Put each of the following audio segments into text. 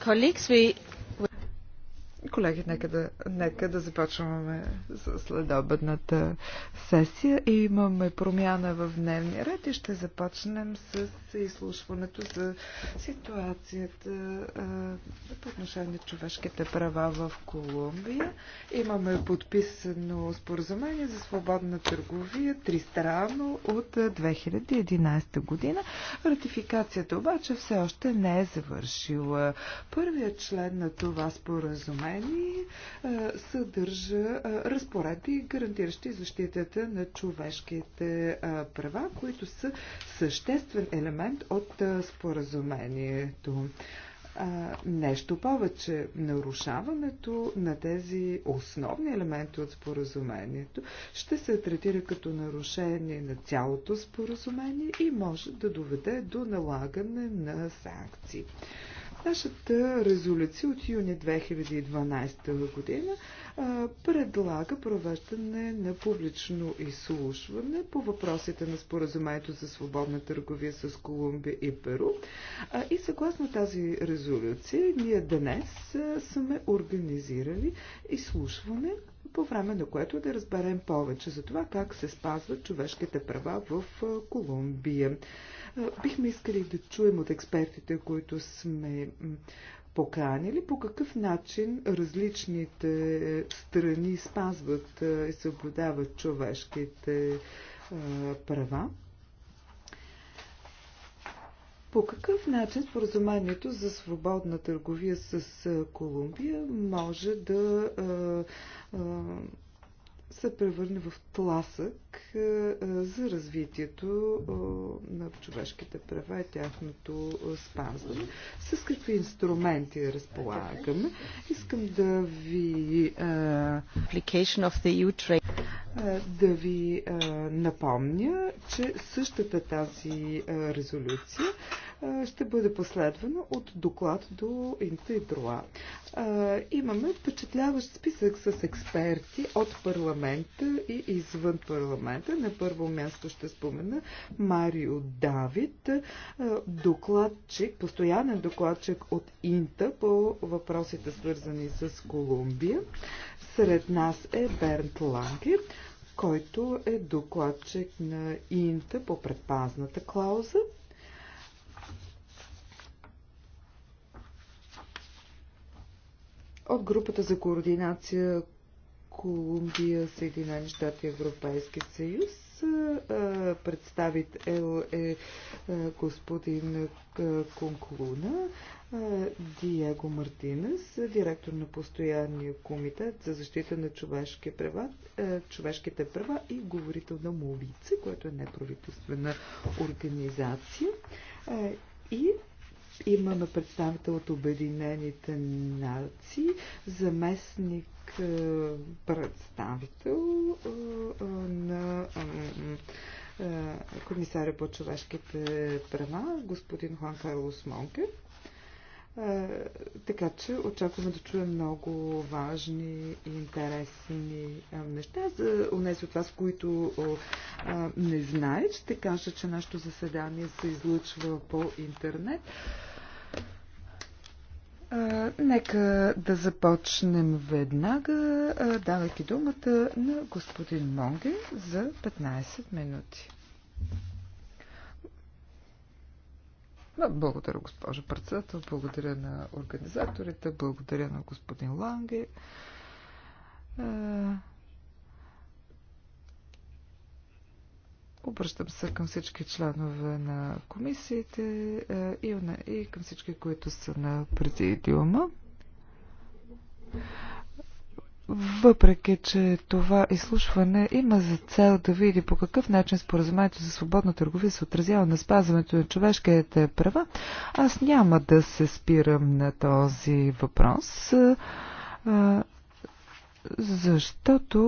colleagues we Колеги, нека да, нека да започваме следобедната сесия. И имаме промяна в дневния ред и ще започнем с изслушването за ситуацията а, по отношение на човешките права в Колумбия. Имаме подписано споразумение за свободна търговия тристранно от 2011 година. Ратификацията обаче все още не е завършила. Първият член на това споразумение споразумение съдържа разпоредби, гарантиращи защитата на човешките права, които са съществен елемент от споразумението. нещо повече, нарушаването на тези основни елементи от споразумението ще се третира като нарушение на цялото споразумение и може да доведе до налагане на санкции. Нашата резолюция от юни 2012 година а, предлага провеждане на публично изслушване по въпросите на споразумението за свободна търговия с Колумбия и Перу. А, и съгласно тази резолюция, ние днес а, сме организирали изслушване по време на което да разберем повече за това как се спазват човешките права в Колумбия. Бихме искали да чуем от експертите, които сме поканили, по какъв начин различните е, страни спазват е, и съблюдават човешките е, права. По какъв начин споразумението за свободна търговия с Колумбия може да а, а, се превърне в тласък е, е, за развитието е, на човешките права и тяхното спазване. С какви инструменти разполагаме? Искам да ви e да ви напомня, че същата тази резолюция е, ще бъде последвано от доклад до Инта и Друа. Е, имаме впечатляващ списък с експерти от парламента и извън парламента. На първо място ще спомена Марио Давид, е, докладчик, постоянен докладчик от Инта по въпросите свързани с Колумбия. Сред нас е Бернт Ланге, който е докладчик на Инта по предпазната клауза. от групата за координация Колумбия, Съединени щати, Европейски съюз. Представител е, е господин Конклуна, Диего Мартинес, директор на постоянния комитет за защита на човешки права, човешките права и говорител на Мовице, което е неправителствена организация. И Имаме представител от Обединените нации, заместник е, представител е, е, на комисаря по човешките права, господин Хуан Карлос Монке. Е, така че очакваме да чуем много важни и интересни е, неща. За унеси от вас, които е, не знаят, ще кажа, че нашето заседание се излъчва по интернет. Нека да започнем веднага, давайки думата на господин Монге за 15 минути. Благодаря, госпожа председател. Благодаря на организаторите. Благодаря на господин Ланге. Е, обръщам се към всички членове на комисиите е, и към всички, които са на президиума. Въпреки, че това изслушване има за цел да види по какъв начин споразумението за свободна търговия се отразява на спазването на човешките права, аз няма да се спирам на този въпрос, защото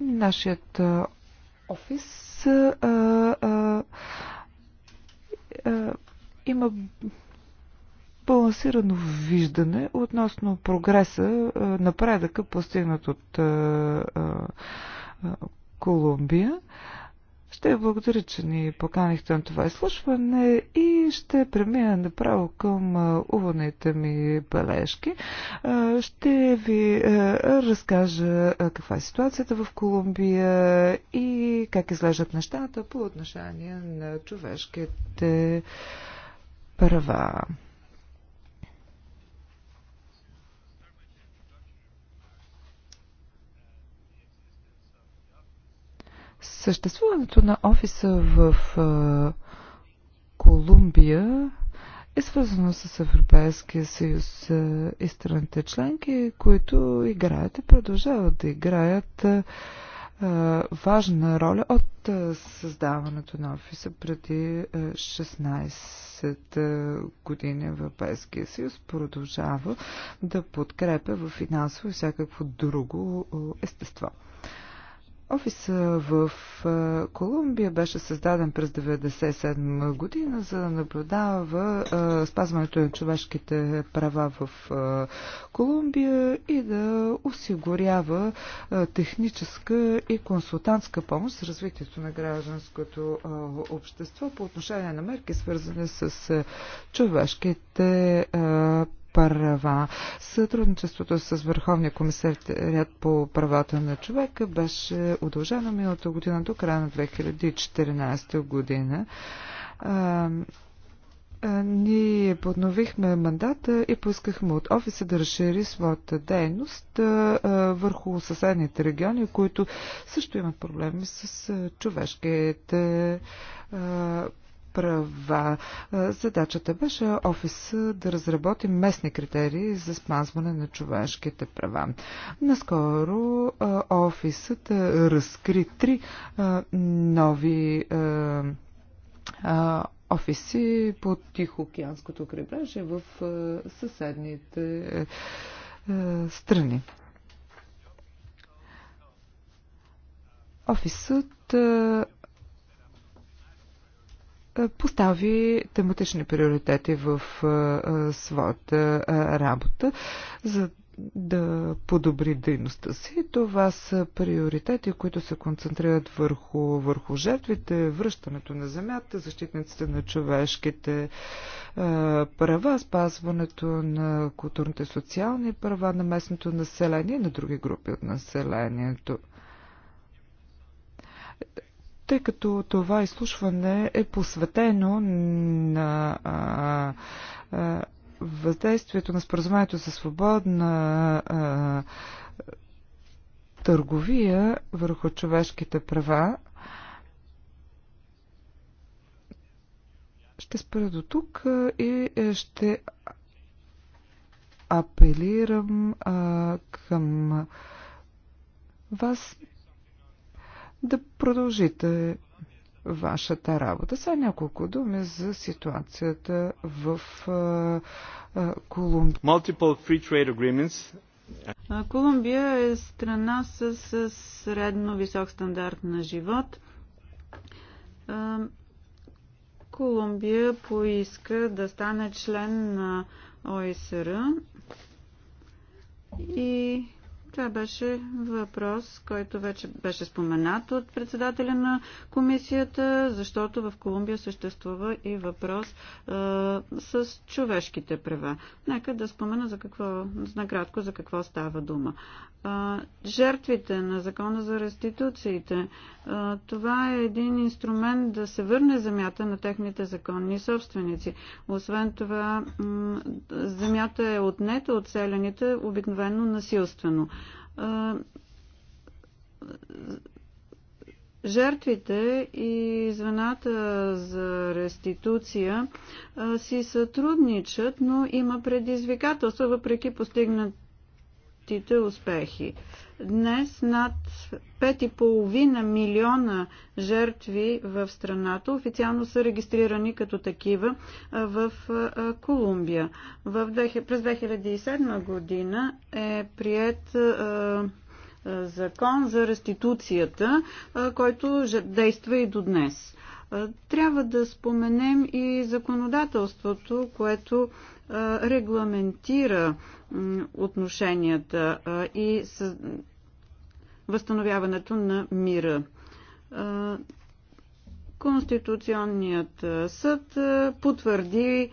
нашият офис има балансирано виждане относно прогреса, напредъка, постигнат от Колумбия. Ще благодаря, че ни поканихте на това изслушване и ще премина направо към уваните ми бележки. Ще ви разкажа каква е ситуацията в Колумбия и как излежат нещата по отношение на човешките права. Съществуването на офиса в Колумбия е свързано с Европейския съюз и страните членки, които играят и продължават да играят важна роля от създаването на офиса преди 16 години Европейския съюз продължава да подкрепя в финансово и всякакво друго естество. Офиса в Колумбия беше създаден през 1997 година, за да наблюдава спазването на човешките права в Колумбия и да осигурява техническа и консултантска помощ за развитието на гражданското общество по отношение на мерки, свързани с човешките права права. Сътрудничеството с Върховния ряд по правата на човека беше удължено миналата година до края на 2014 година ние подновихме мандата и поискахме от офиса да разшири своята дейност върху съседните региони, които също имат проблеми с човешките права. Задачата беше офис да разработи местни критерии за спазване на човешките права. Наскоро офисът разкри три нови офиси по Тихоокеанското крайбрежие в съседните страни. Офисът е, постави тематични приоритети в е, е, своята работа, за да подобри дейността си. Това са приоритети, които се концентрират върху, върху жертвите, връщането на земята, защитниците на човешките е, права, спазването на културните социални права на местното население и на други групи от населението тъй като това изслушване е посветено на въздействието на споразумението за свободна търговия върху човешките права, ще спра до тук и е, ще апелирам към вас да продължите вашата работа. Сега няколко думи за ситуацията в Колумбия. Колумбия е страна с, с средно висок стандарт на живот. Колумбия поиска да стане член на ОСР и това беше въпрос, който вече беше споменат от председателя на комисията, защото в Колумбия съществува и въпрос а, с човешките права. Нека да спомена за какво, накратко за какво става дума. А, жертвите на закона за реституциите, а, това е един инструмент да се върне земята на техните законни собственици. Освен това, земята е отнета от селените обикновено насилствено жертвите и звената за реституция си сътрудничат, но има предизвикателства, въпреки постигнат постигнатите успехи. Днес над 5,5 милиона жертви в страната официално са регистрирани като такива в Колумбия. през 2007 година е прият закон за реституцията, който действа и до днес. Е, трябва да споменем и законодателството, което е, регламентира отношенията е, и възстановяването на мира. Конституционният съд потвърди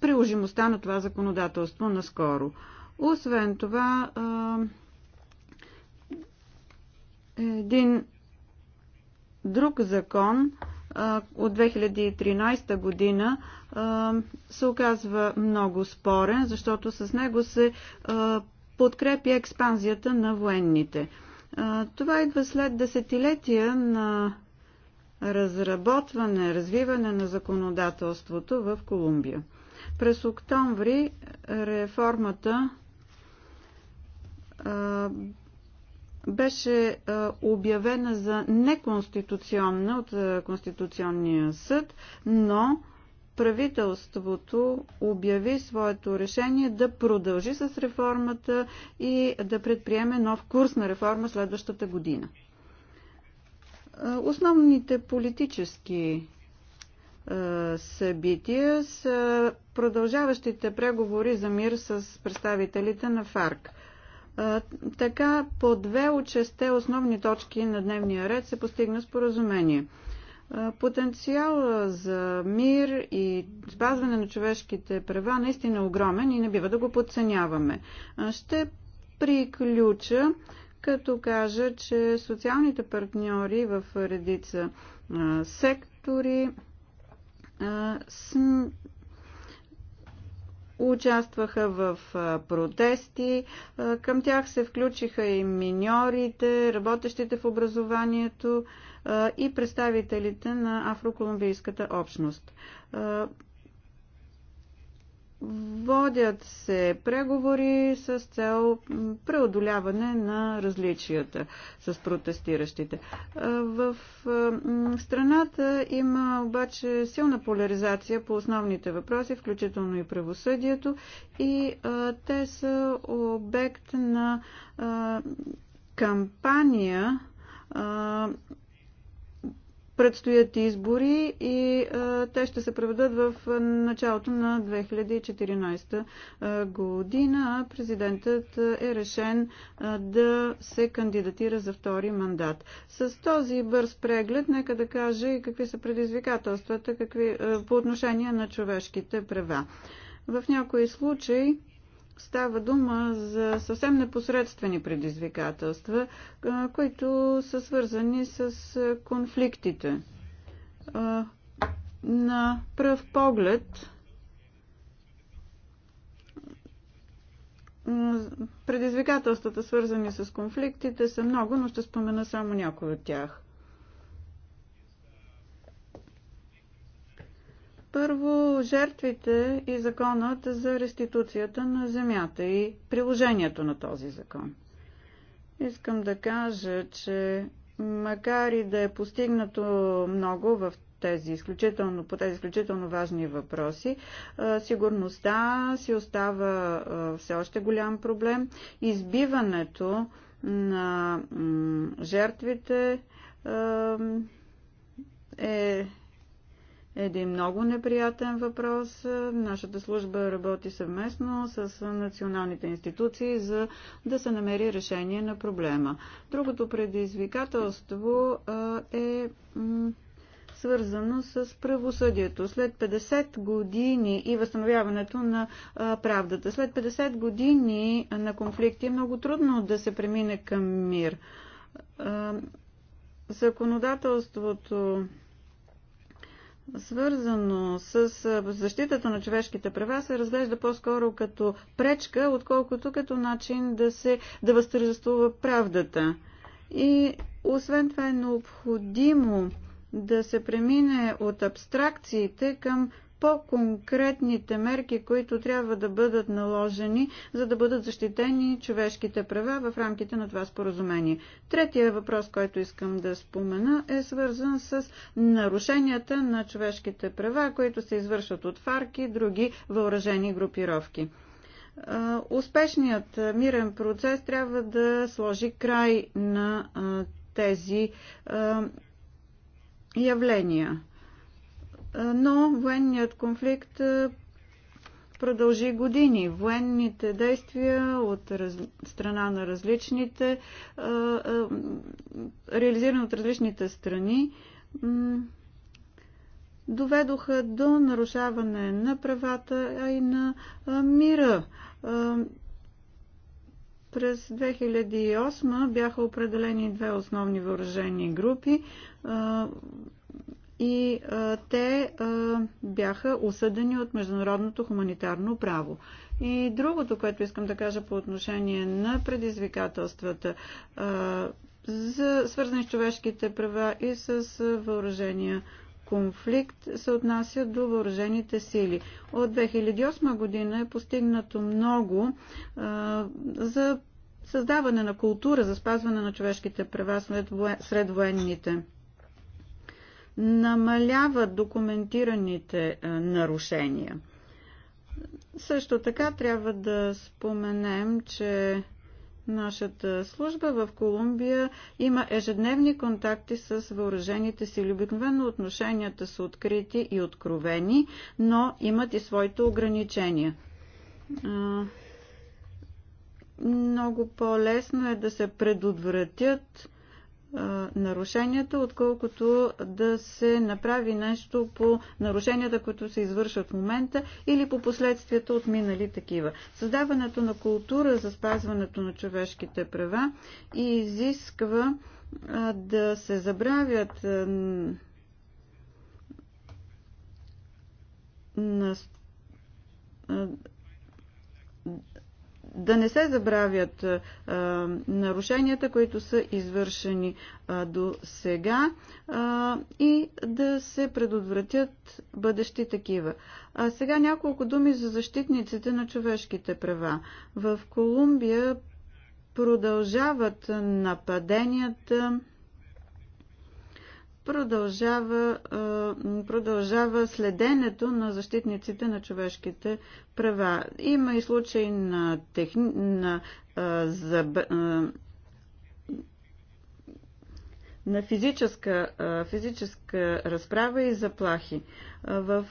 приложимостта на това законодателство наскоро. Освен това, един друг закон от 2013 година се оказва много спорен, защото с него се подкрепя експанзията на военните. Това идва след десетилетия на разработване, развиване на законодателството в Колумбия. През октомври реформата беше е, обявена за неконституционна от е, Конституционния съд, но правителството обяви своето решение да продължи с реформата и да предприеме нов курс на реформа следващата година. Е, основните политически събития са продължаващите преговори за мир с представителите на ФАРК. Така по две от шесте основни точки на дневния ред се постигна споразумение. Потенциал за мир и спазване на човешките права наистина е огромен и не бива да го подценяваме. Ще приключа като кажа, че социалните партньори в редица сектори участваха в протести. Към тях се включиха и миньорите, работещите в образованието и представителите на афроколумбийската общност. Водят се преговори с цел преодоляване на различията с протестиращите. В страната има обаче силна поляризация по основните въпроси, включително и правосъдието, и те са обект на кампания Предстоят избори и а, те ще се проведат в началото на 2014 година. Президентът е решен а, да се кандидатира за втори мандат. С този бърз преглед, нека да кажа и какви са предизвикателствата какви, а, по отношение на човешките права. В някои случаи става дума за съвсем непосредствени предизвикателства, които са свързани с конфликтите. На пръв поглед предизвикателствата, свързани с конфликтите, са много, но ще спомена само някои от тях. Първо, жертвите и законът за реституцията на земята и приложението на този закон. Искам да кажа, че макар и да е постигнато много в тези изключително, по тези изключително важни въпроси. Сигурността си остава все още голям проблем. Избиването на жертвите е един много неприятен въпрос. Нашата служба работи съвместно с националните институции, за да се намери решение на проблема. Другото предизвикателство е свързано с правосъдието. След 50 години и възстановяването на правдата. След 50 години на конфликти е много трудно да се премине към мир. законодателството свързано с защитата на човешките права, се разглежда по-скоро като пречка, отколкото като начин да се да възтържествува правдата. И освен това е необходимо да се премине от абстракциите към по-конкретните мерки, които трябва да бъдат наложени, за да бъдат защитени човешките права в рамките на това споразумение. Третия въпрос, който искам да спомена, е свързан с нарушенията на човешките права, които се извършват от фарки и други въоръжени групировки. Успешният мирен процес трябва да сложи край на тези явления но военният конфликт продължи години. Военните действия от раз... страна на различните, реализирани от различните страни, доведоха до нарушаване на правата, а и на мира. През 2008 бяха определени две основни въоръжени групи и а, те а, бяха осъдени от международното хуманитарно право. И другото, което искам да кажа по отношение на предизвикателствата, а, за, свързани с човешките права и с въоръжения конфликт, се отнася до въоръжените сили. От 2008 година е постигнато много а, за създаване на култура за спазване на човешките права сред, сред военните намаляват документираните нарушения. Също така трябва да споменем, че нашата служба в Колумбия има ежедневни контакти с въоръжените сили. Обикновено отношенията са открити и откровени, но имат и своите ограничения. Много по-лесно е да се предотвратят нарушенията, отколкото да се направи нещо по нарушенията, които се извършват в момента или по последствията от минали такива. Създаването на култура за спазването на човешките права и изисква да се забравят на да не се забравят а, нарушенията, които са извършени а, до сега а, и да се предотвратят бъдещи такива. А сега няколко думи за защитниците на човешките права. В Колумбия продължават нападенията продължава, продължава следенето на защитниците на човешките права. Има и случаи на, техни... на, за... на физическа, физическа разправа и заплахи. В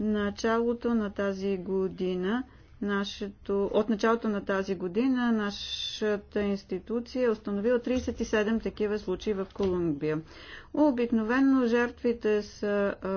началото на тази година Нашето, от началото на тази година нашата институция е установила 37 такива случаи в Колумбия. Обикновенно жертвите са а,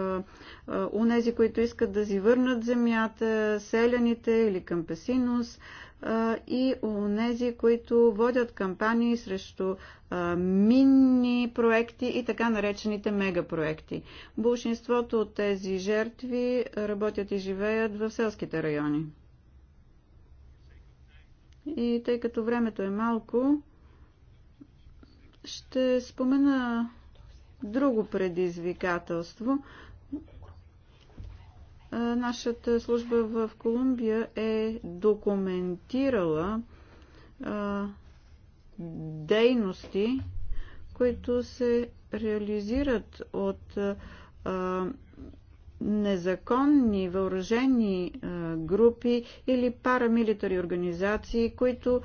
а, унези, които искат да си върнат земята, селяните или кампесинус а, и унези, които водят кампании срещу а, минни проекти и така наречените мегапроекти. Большинството от тези жертви работят и живеят в селските райони. И тъй като времето е малко, ще спомена друго предизвикателство. Нашата служба в Колумбия е документирала дейности, които се реализират от незаконни въоръжени групи или парамилитари организации, които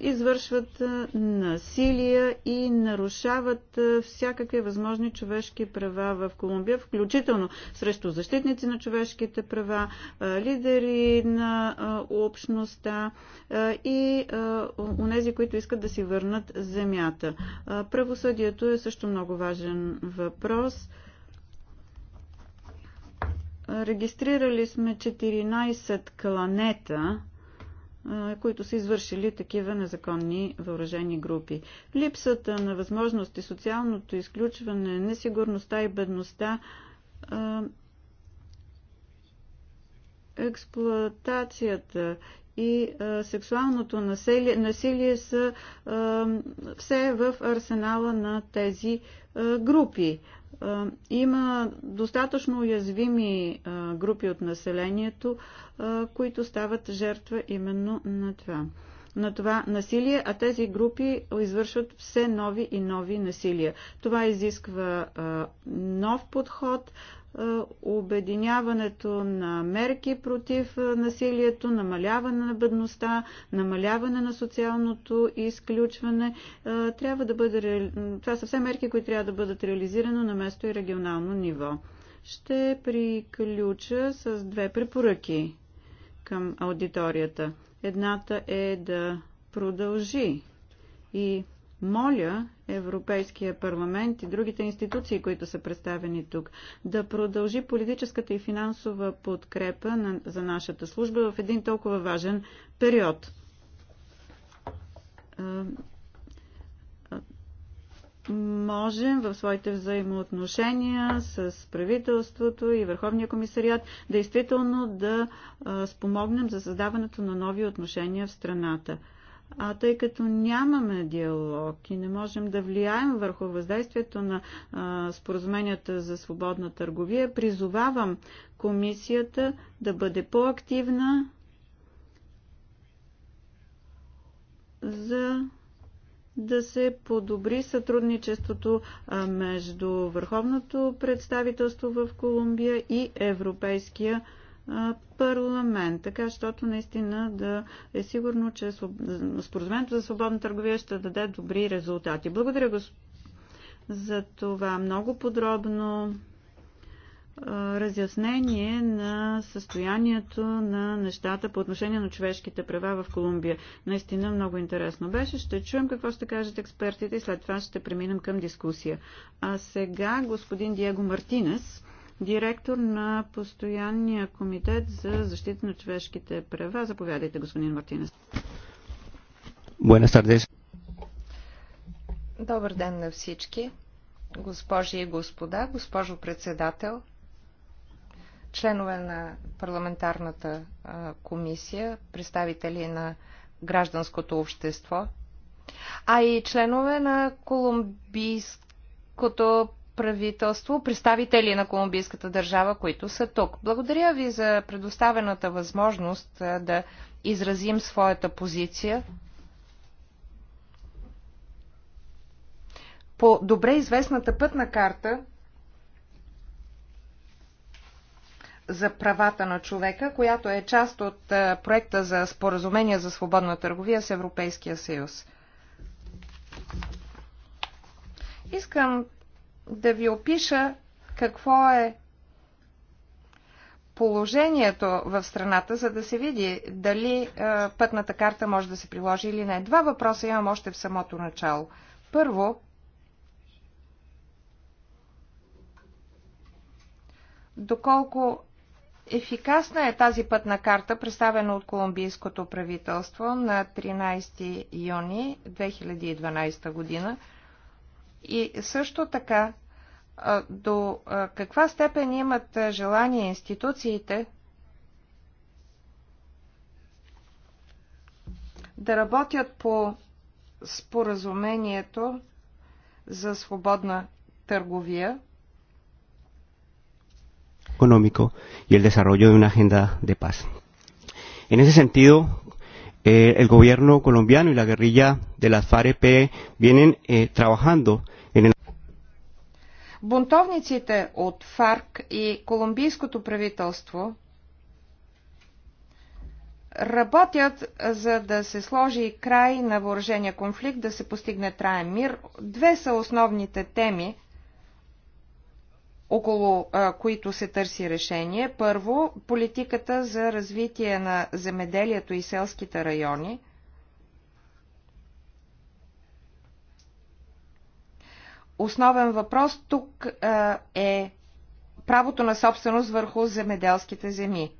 извършват насилие и нарушават всякакви възможни човешки права в Колумбия, включително срещу защитници на човешките права, лидери на общността и унези, които искат да си върнат земята. Правосъдието е също много важен въпрос. Регистрирали сме 14 кланета, които са извършили такива незаконни въоръжени групи. Липсата на възможности, социалното изключване, несигурността и бедността, експлоатацията и сексуалното насилие, насилие са все в арсенала на тези групи има достатъчно уязвими групи от населението, които стават жертва именно на това. На това насилие, а тези групи извършват все нови и нови насилия. Това изисква нов подход, обединяването на мерки против насилието, намаляване на бедността, намаляване на социалното изключване. Трябва да бъде, това са все мерки, които трябва да бъдат реализирани на место и регионално ниво. Ще приключа с две препоръки към аудиторията. Едната е да продължи и моля Европейския парламент и другите институции, които са представени тук, да продължи политическата и финансова подкрепа на, за нашата служба в един толкова важен период. Можем в своите взаимоотношения с правителството и Върховния комисариат действително да спомогнем за създаването на нови отношения в страната. А тъй като нямаме диалог и не можем да влияем върху въздействието на а, споразуменията за свободна търговия, призовавам комисията да бъде по-активна за да се подобри сътрудничеството между Върховното представителство в Колумбия и Европейския парламент, така защото наистина да е сигурно, че споразумението за свободна търговия ще даде добри резултати. Благодаря го за това много подробно разяснение на състоянието на нещата по отношение на човешките права в Колумбия. Наистина много интересно беше. Ще чуем какво ще кажат експертите и след това ще преминем към дискусия. А сега господин Диего Мартинес директор на Постоянния комитет за защита на човешките права. Заповядайте, господин Мартинес. Добър ден на всички, госпожи и господа, госпожо председател, членове на парламентарната комисия, представители на гражданското общество, а и членове на колумбийското правителство, представители на колумбийската държава, които са тук. Благодаря ви за предоставената възможност да изразим своята позиция по добре известната пътна карта за правата на човека, която е част от проекта за споразумение за свободна търговия с Европейския съюз. Искам да ви опиша какво е положението в страната, за да се види дали е, пътната карта може да се приложи или не. Два въпроса имам още в самото начало. Първо, доколко ефикасна е тази пътна карта, представена от колумбийското правителство на 13 юни 2012 година – и също така, до каква степен имат желание институциите да работят по споразумението за свободна търговия? económico y el desarrollo de una agenda de paz. En ese sentido, eh, el gobierno colombiano y la guerrilla de las FARC e vienen eh, trabajando en el Бунтовниците от ФАРК и колумбийското правителство работят за да се сложи край на въоръжения конфликт, да се постигне траен мир. Две са основните теми – около а, които се търси решение. Първо, политиката за развитие на земеделието и селските райони. Основен въпрос тук а, е правото на собственост върху земеделските земи.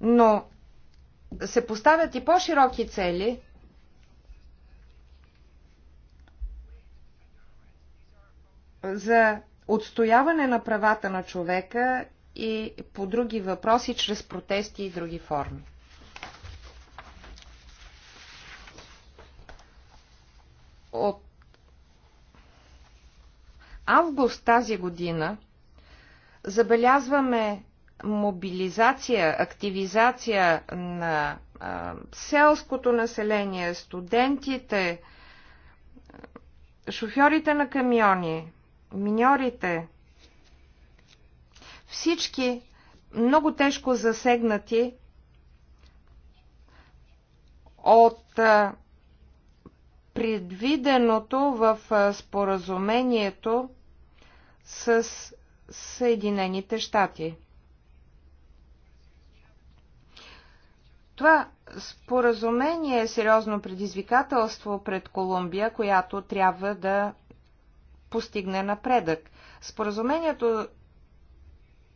Но се поставят и по-широки цели. за отстояване на правата на човека и по други въпроси, чрез протести и други форми. От август тази година забелязваме мобилизация, активизация на а, селското население, студентите, шофьорите на камиони, миньорите, всички много тежко засегнати от предвиденото в споразумението с Съединените щати. Това споразумение е сериозно предизвикателство пред Колумбия, която трябва да постигне напредък. Споразумението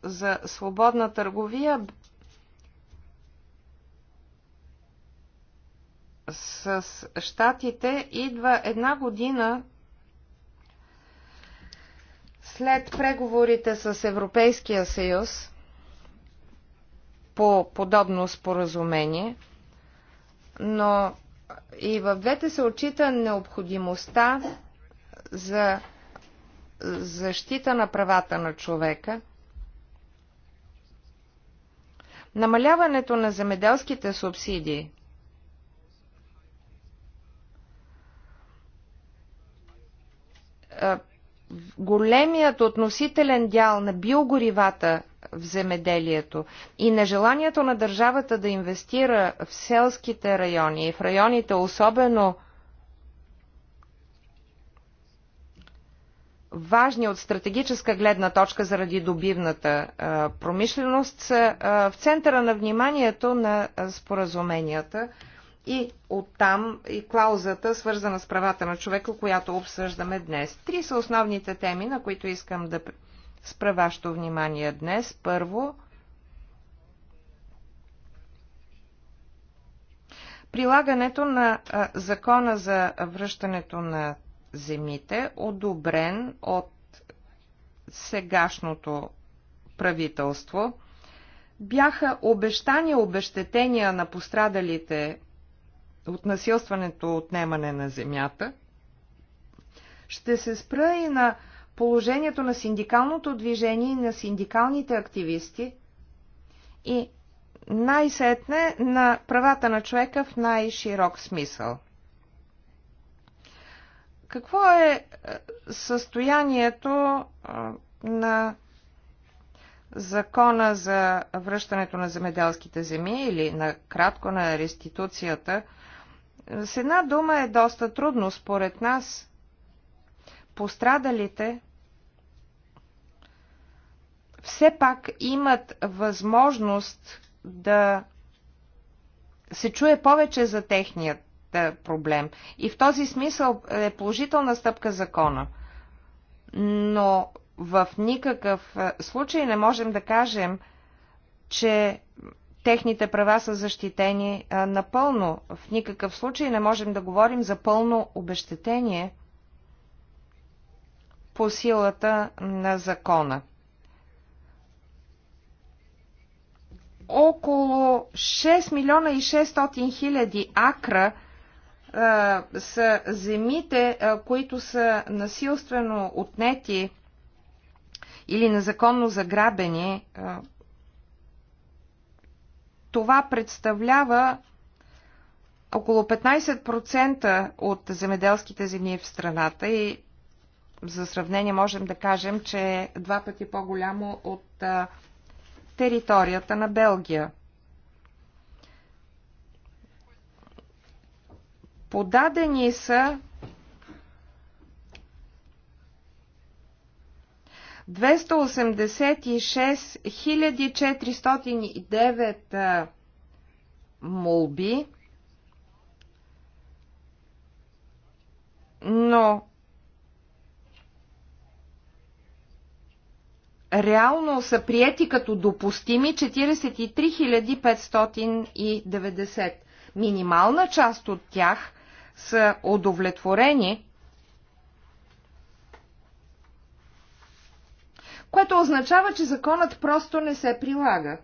за свободна търговия с щатите идва една година след преговорите с Европейския съюз по подобно споразумение, но и в двете се отчита необходимостта за защита на правата на човека, намаляването на земеделските субсидии, големият относителен дял на биогоривата в земеделието и нежеланието на държавата да инвестира в селските райони и в районите особено важни от стратегическа гледна точка заради добивната промишленост, са в центъра на вниманието на споразуменията и оттам и клаузата, свързана с правата на човека, която обсъждаме днес. Три са основните теми, на които искам да спра вашето внимание днес. Първо, прилагането на закона за връщането на земите, одобрен от сегашното правителство. Бяха обещания, обещетения на пострадалите от насилстването отнемане на земята. Ще се спра и на положението на синдикалното движение и на синдикалните активисти и най-сетне на правата на човека в най-широк смисъл – какво е, е състоянието е, на закона за връщането на земеделските земи или на кратко на реституцията? С една дума е доста трудно според нас. Пострадалите все пак имат възможност да се чуе повече за техният е, проблем. И в този смисъл е положителна стъпка закона. Но в никакъв е, случай не можем да кажем, че техните права са защитени е, напълно. В никакъв случай не можем да говорим за пълно обещетение по силата на закона. Около 6 милиона и 600 хиляди акра – са земите, които са насилствено отнети или незаконно заграбени. това представлява около 15% от земеделските земи в страната и за сравнение можем да кажем, че е два пъти по-голямо от територията на Белгия. Подадени са 286 409 молби, но реално са приети като допустими 43 590. Минимална част от тях са удовлетворени, което означава, че законът просто не се прилага.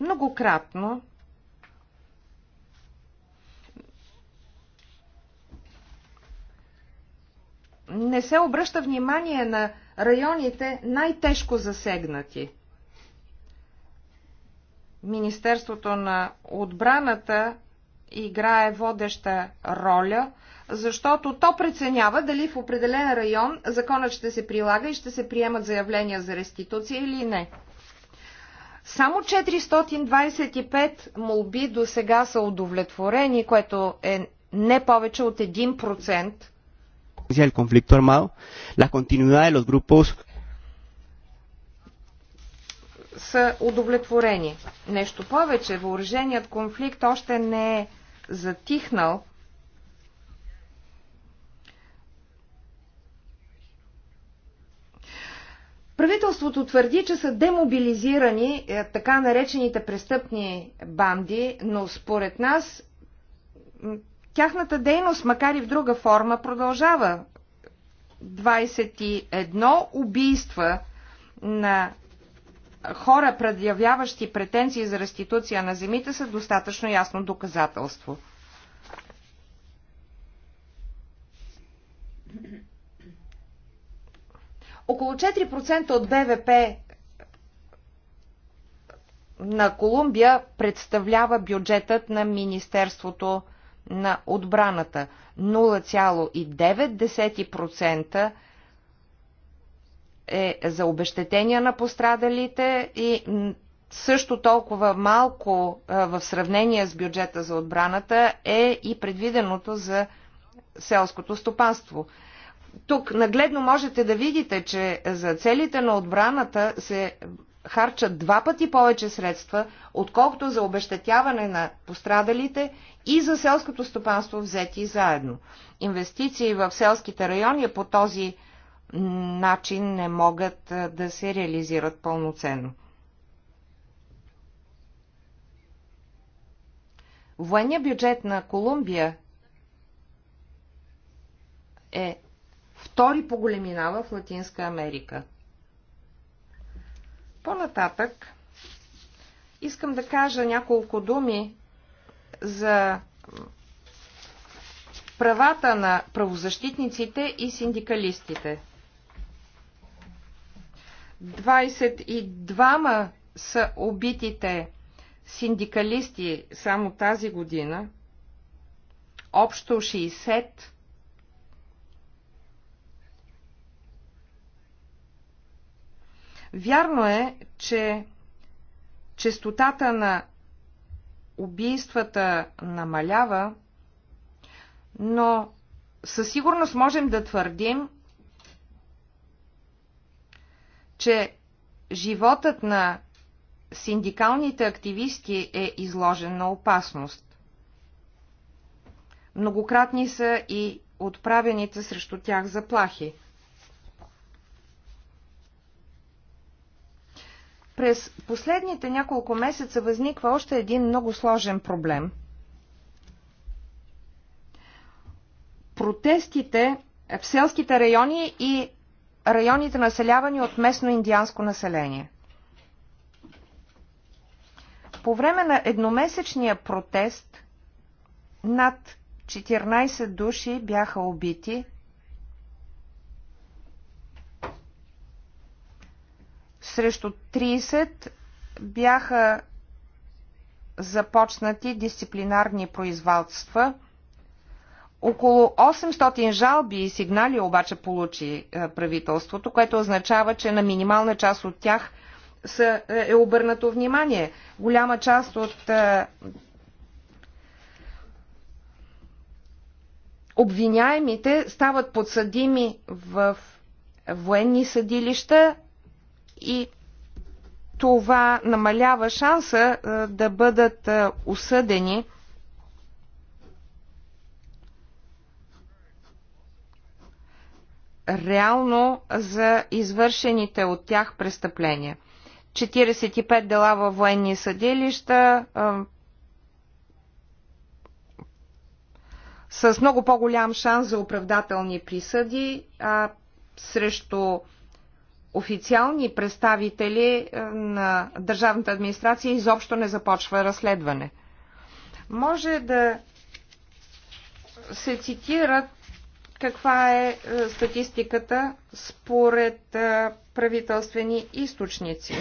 Многократно не се обръща внимание на районите най-тежко засегнати – Министерството на отбраната играе водеща роля, защото то преценява дали в определен район законът ще се прилага и ще се приемат заявления за реституция или не. Само 425 молби до сега са удовлетворени, което е не повече от 1%. El conflicto armado, la continuidad de los grupos са удовлетворени. Нещо повече, въоръженият конфликт още не е затихнал. Правителството твърди, че са демобилизирани е, така наречените престъпни банди, но според нас тяхната дейност, макар и в друга форма, продължава. 21 убийства на хора, предявяващи претенции за реституция на земите, са достатъчно ясно доказателство. Около 4% от БВП на Колумбия представлява бюджетът на Министерството на отбраната. 0,9% е за обещетения на пострадалите и също толкова малко в сравнение с бюджета за отбраната е и предвиденото за селското стопанство. Тук нагледно можете да видите, че за целите на отбраната се харчат два пъти повече средства, отколкото за обещетяване на пострадалите и за селското стопанство взети заедно. Инвестиции в селските райони е по този начин не могат да се реализират пълноценно. Военният бюджет на Колумбия е втори по големина в Латинска Америка. По-нататък искам да кажа няколко думи за правата на правозащитниците и синдикалистите. 22 са убитите синдикалисти само тази година, общо 60. Вярно е, че частотата на убийствата намалява, но със сигурност можем да твърдим, че животът на синдикалните активисти е изложен на опасност. Многократни са и отправените срещу тях заплахи. През последните няколко месеца възниква още един много сложен проблем. Протестите в селските райони и районите населявани от местно индианско население. По време на едномесечния протест над 14 души бяха убити, срещу 30 бяха започнати дисциплинарни производства – около 800 жалби и сигнали обаче получи е, правителството, което означава, че на минимална част от тях са, е, е обърнато внимание. Голяма част от е, обвиняемите стават подсъдими в военни съдилища и това намалява шанса да бъдат осъдени реално за извършените от тях престъпления. 45 дела във военни съдилища с много по-голям шанс за оправдателни присъди а, срещу официални представители на държавната администрация изобщо не започва разследване. Може да се цитират каква е, е статистиката според е, правителствени източници.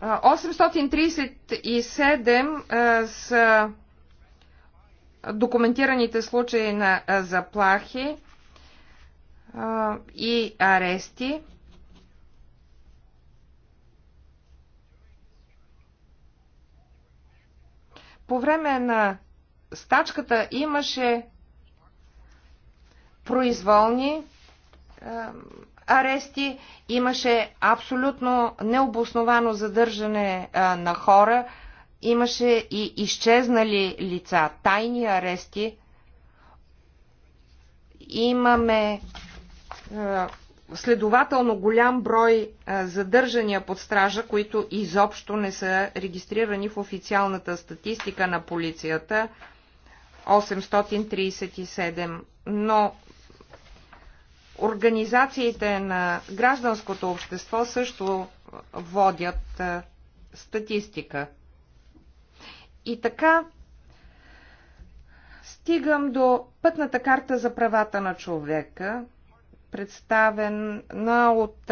А, 837 е, са документираните случаи на заплахи и арести. По време на стачката имаше произволни арести, имаше абсолютно необосновано задържане на хора, имаше и изчезнали лица, тайни арести. Имаме следователно голям брой задържания под стража, които изобщо не са регистрирани в официалната статистика на полицията 837. Но организациите на гражданското общество също водят статистика. И така стигам до пътната карта за правата на човека, представена от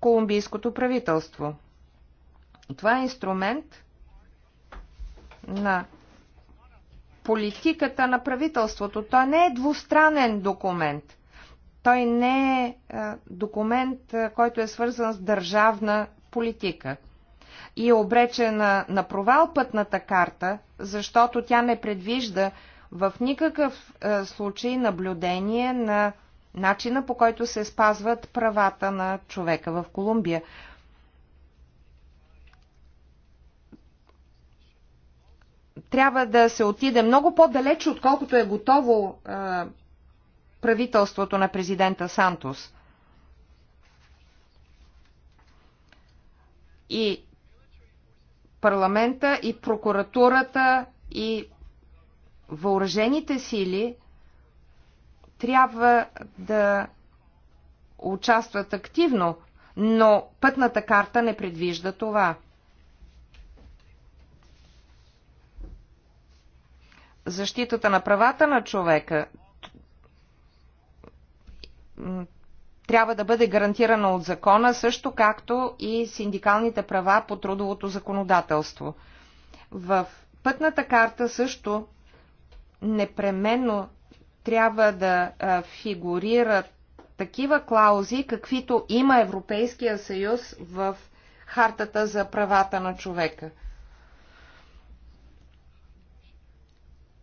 колумбийското правителство. Това е инструмент на политиката на правителството. Той не е двустранен документ. Той не е документ, който е свързан с държавна политика. И е обречена на провал пътната карта, защото тя не предвижда в никакъв случай наблюдение на начина по който се спазват правата на човека в Колумбия. Трябва да се отиде много по-далеч, отколкото е готово е, правителството на президента Сантос. И парламента, и прокуратурата, и въоръжените сили трябва да участват активно, но пътната карта не предвижда това. Защитата на правата на човека трябва да бъде гарантирана от закона, също както и синдикалните права по трудовото законодателство. В пътната карта също непременно трябва да фигурират такива клаузи, каквито има Европейския съюз в Хартата за правата на човека.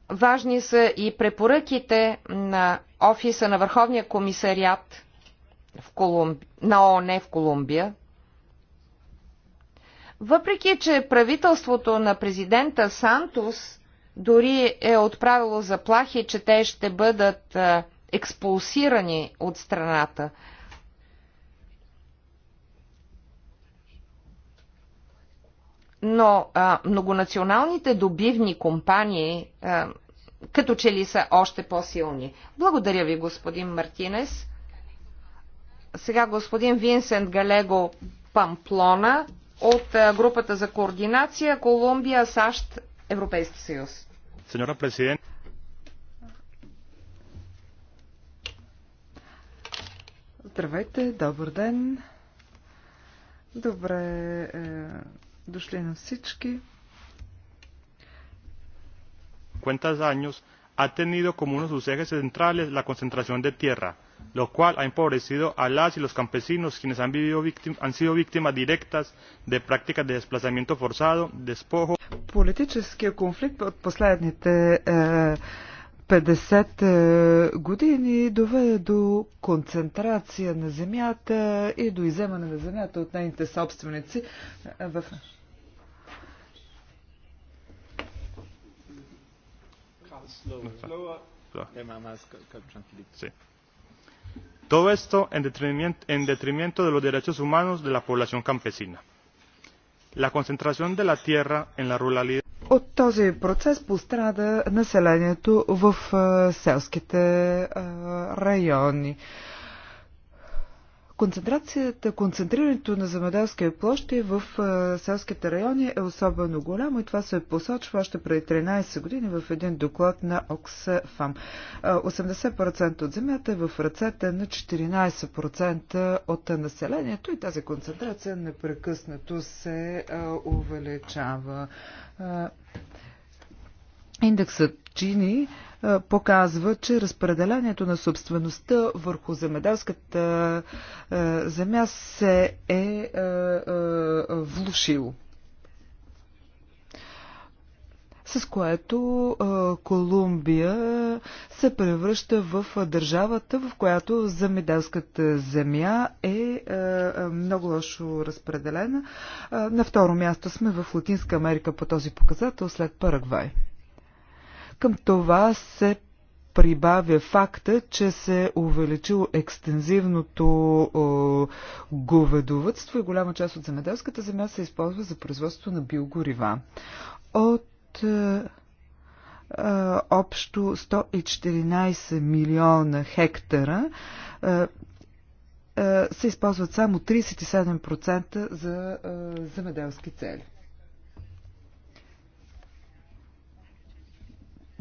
Важни са и препоръките на офиса на Върховния комисариат в Колумби... на ООН в Колумбия. Въпреки, че правителството на президента Сантос дори е отправило заплахи, че те ще бъдат е, експулсирани от страната. Но а, е, многонационалните добивни компании а, е, като че ли са още по-силни. Благодаря ви, господин Мартинес. Сега господин Винсент Галего Памплона от групата за координация Колумбия, САЩ, Европейски съюз. Сеньора президент. Здравейте, добър ден. Добре е, дошли на всички. 50 años ha tenido como uno de sus ejes centrales la concentración de tierra lo cual ha empobrecido a las y los campesinos quienes han sido víctimas directas de prácticas de desplazamiento forzado, despojo. Политическия конфликт от последните е, 50 е, години доведе до концентрация на земята и до иземане на земята от нейните собственици е, в Слово. Слово. Слово. Слово. Слово. Слово. Слово todo esto en detrimento de los derechos humanos de la población campesina. La concentración de la tierra en la ruralidad от този процес пострада населението в селските райони. Концентрацията, концентрирането на земеделски площи е в селските райони е особено голямо и това се посочва още преди 13 години в един доклад на Оксфам. 80% от земята е в ръцете на 14% от населението и тази концентрация непрекъснато се увеличава. Индексът Чини е, показва, че разпределението на собствеността върху земеделската е, земя се е, е влушило. С което Колумбия се превръща в държавата, в която земеделската земя е много лошо разпределена. На второ място сме в Латинска Америка по този показател след Парагвай. Към това се прибавя факта, че се е увеличило екстензивното е, говедовътство и голяма част от земеделската земя се използва за производство на биогорива. От е, е общо 114 милиона хектара е, е, се използват само 37% за е, земеделски цели.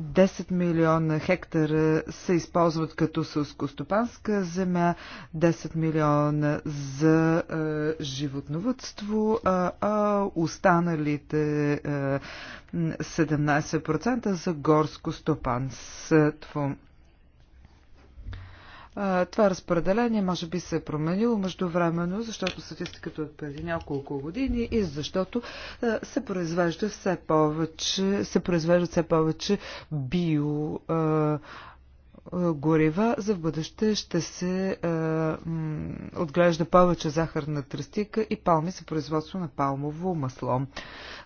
10 милиона хектара се използват като сълскостопанска земя, 10 милиона за е, животновътство, а, а останалите е, 17% за горско стопанство. Това разпределение може би се е променило междувременно, защото статистиката е от преди няколко години и защото се произвежда все повече, се произвежда все повече био е, горива, за в бъдеще ще се е, м, отглежда повече захарна тръстика и палми за производство на палмово масло.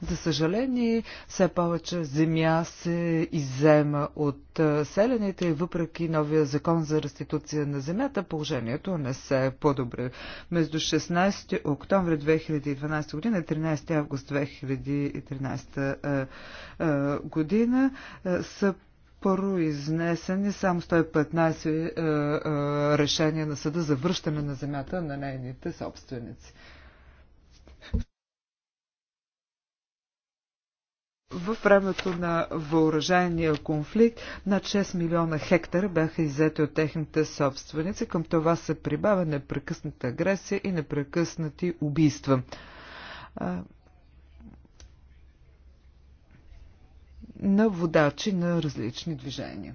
За съжаление, все повече земя се иззема от е, селените и въпреки новия закон за реституция на земята, положението не се е по по-добре. Между 16 октомври 2012 година и 13 август 2013 е, година са произнесени само 115 е, е, решения на съда за връщане на земята на нейните собственици. В времето на въоръжения конфликт над 6 милиона хектара бяха иззети от техните собственици. Към това се прибавя непрекъсната агресия и непрекъснати убийства. на водачи на различни движения.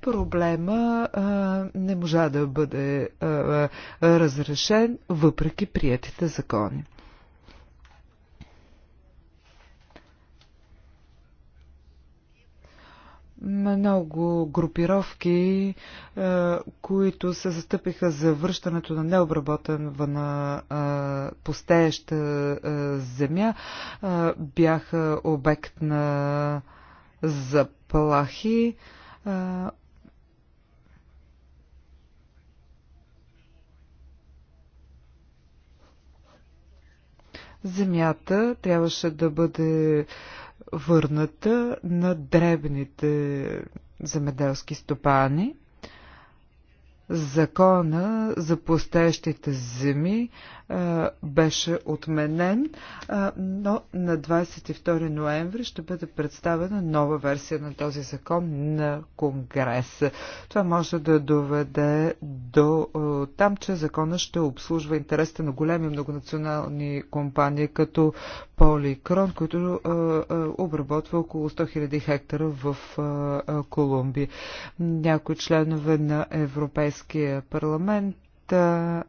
Проблема а, не можа да бъде а, разрешен въпреки приятите закони. много групировки, е, които се застъпиха за връщането на необработена е, постееща е, земя, бяха обект на заплахи. Земята трябваше да бъде върната на дребните земеделски стопани. Закона за пластещите земи а, беше отменен, а, но на 22 ноември ще бъде представена нова версия на този закон на Конгреса. Това може да доведе до а, там, че закона ще обслужва интересите на големи многонационални компании като поликрон, който обработва около 100 000 хектара в Колумбия. Някои членове на Европейския парламент на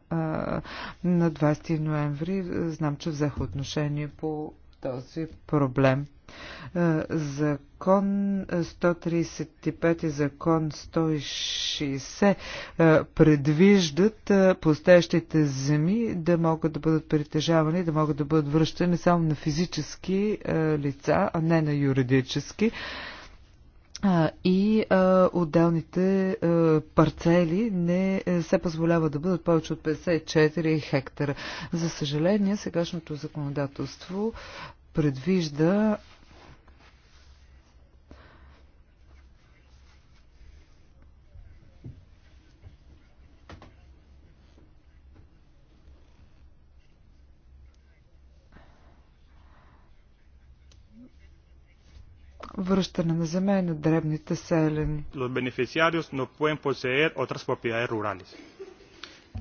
20 ноември знам, че взеха отношение по този проблем. За закон 135 е, и закон 160 е, предвиждат е, пустещите земи да могат да бъдат притежавани, да могат да бъдат връщани само на физически лица, а не на юридически а, и а, отделните а, парцели не се позволява да бъдат повече от 54 хектара. За съжаление, сегашното законодателство предвижда връщане на земя на дребните селени. Los beneficiarios no pueden poseer otras propiedades rurales.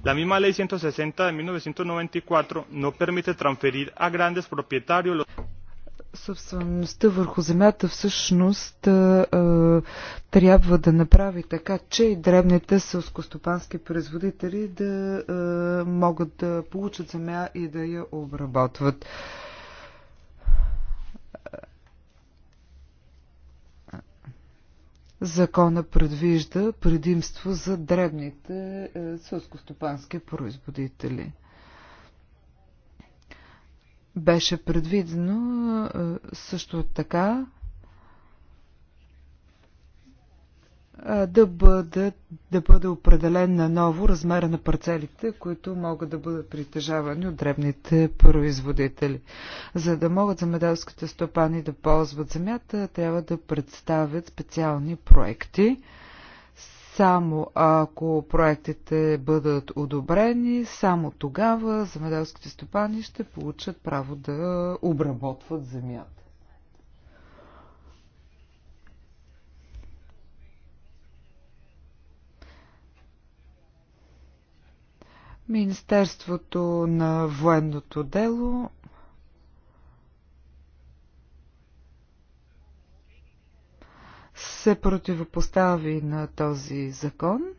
La misma ley 160 de 1994 no permite transferir a grandes propietarios los собствеността върху земята всъщност трябва да направи така, че и дребните селскостопански производители да могат да получат земя и да я обработват. Закона предвижда предимство за дребните е, сълскостопански производители. Беше предвидено е, също така да, бъде, да бъде определен на ново размера на парцелите, които могат да бъдат притежавани от дребните производители. За да могат замеделските стопани да ползват земята, трябва да представят специални проекти. Само ако проектите бъдат одобрени, само тогава замеделските стопани ще получат право да обработват земята. Министерството на военното дело се противопостави на този закон –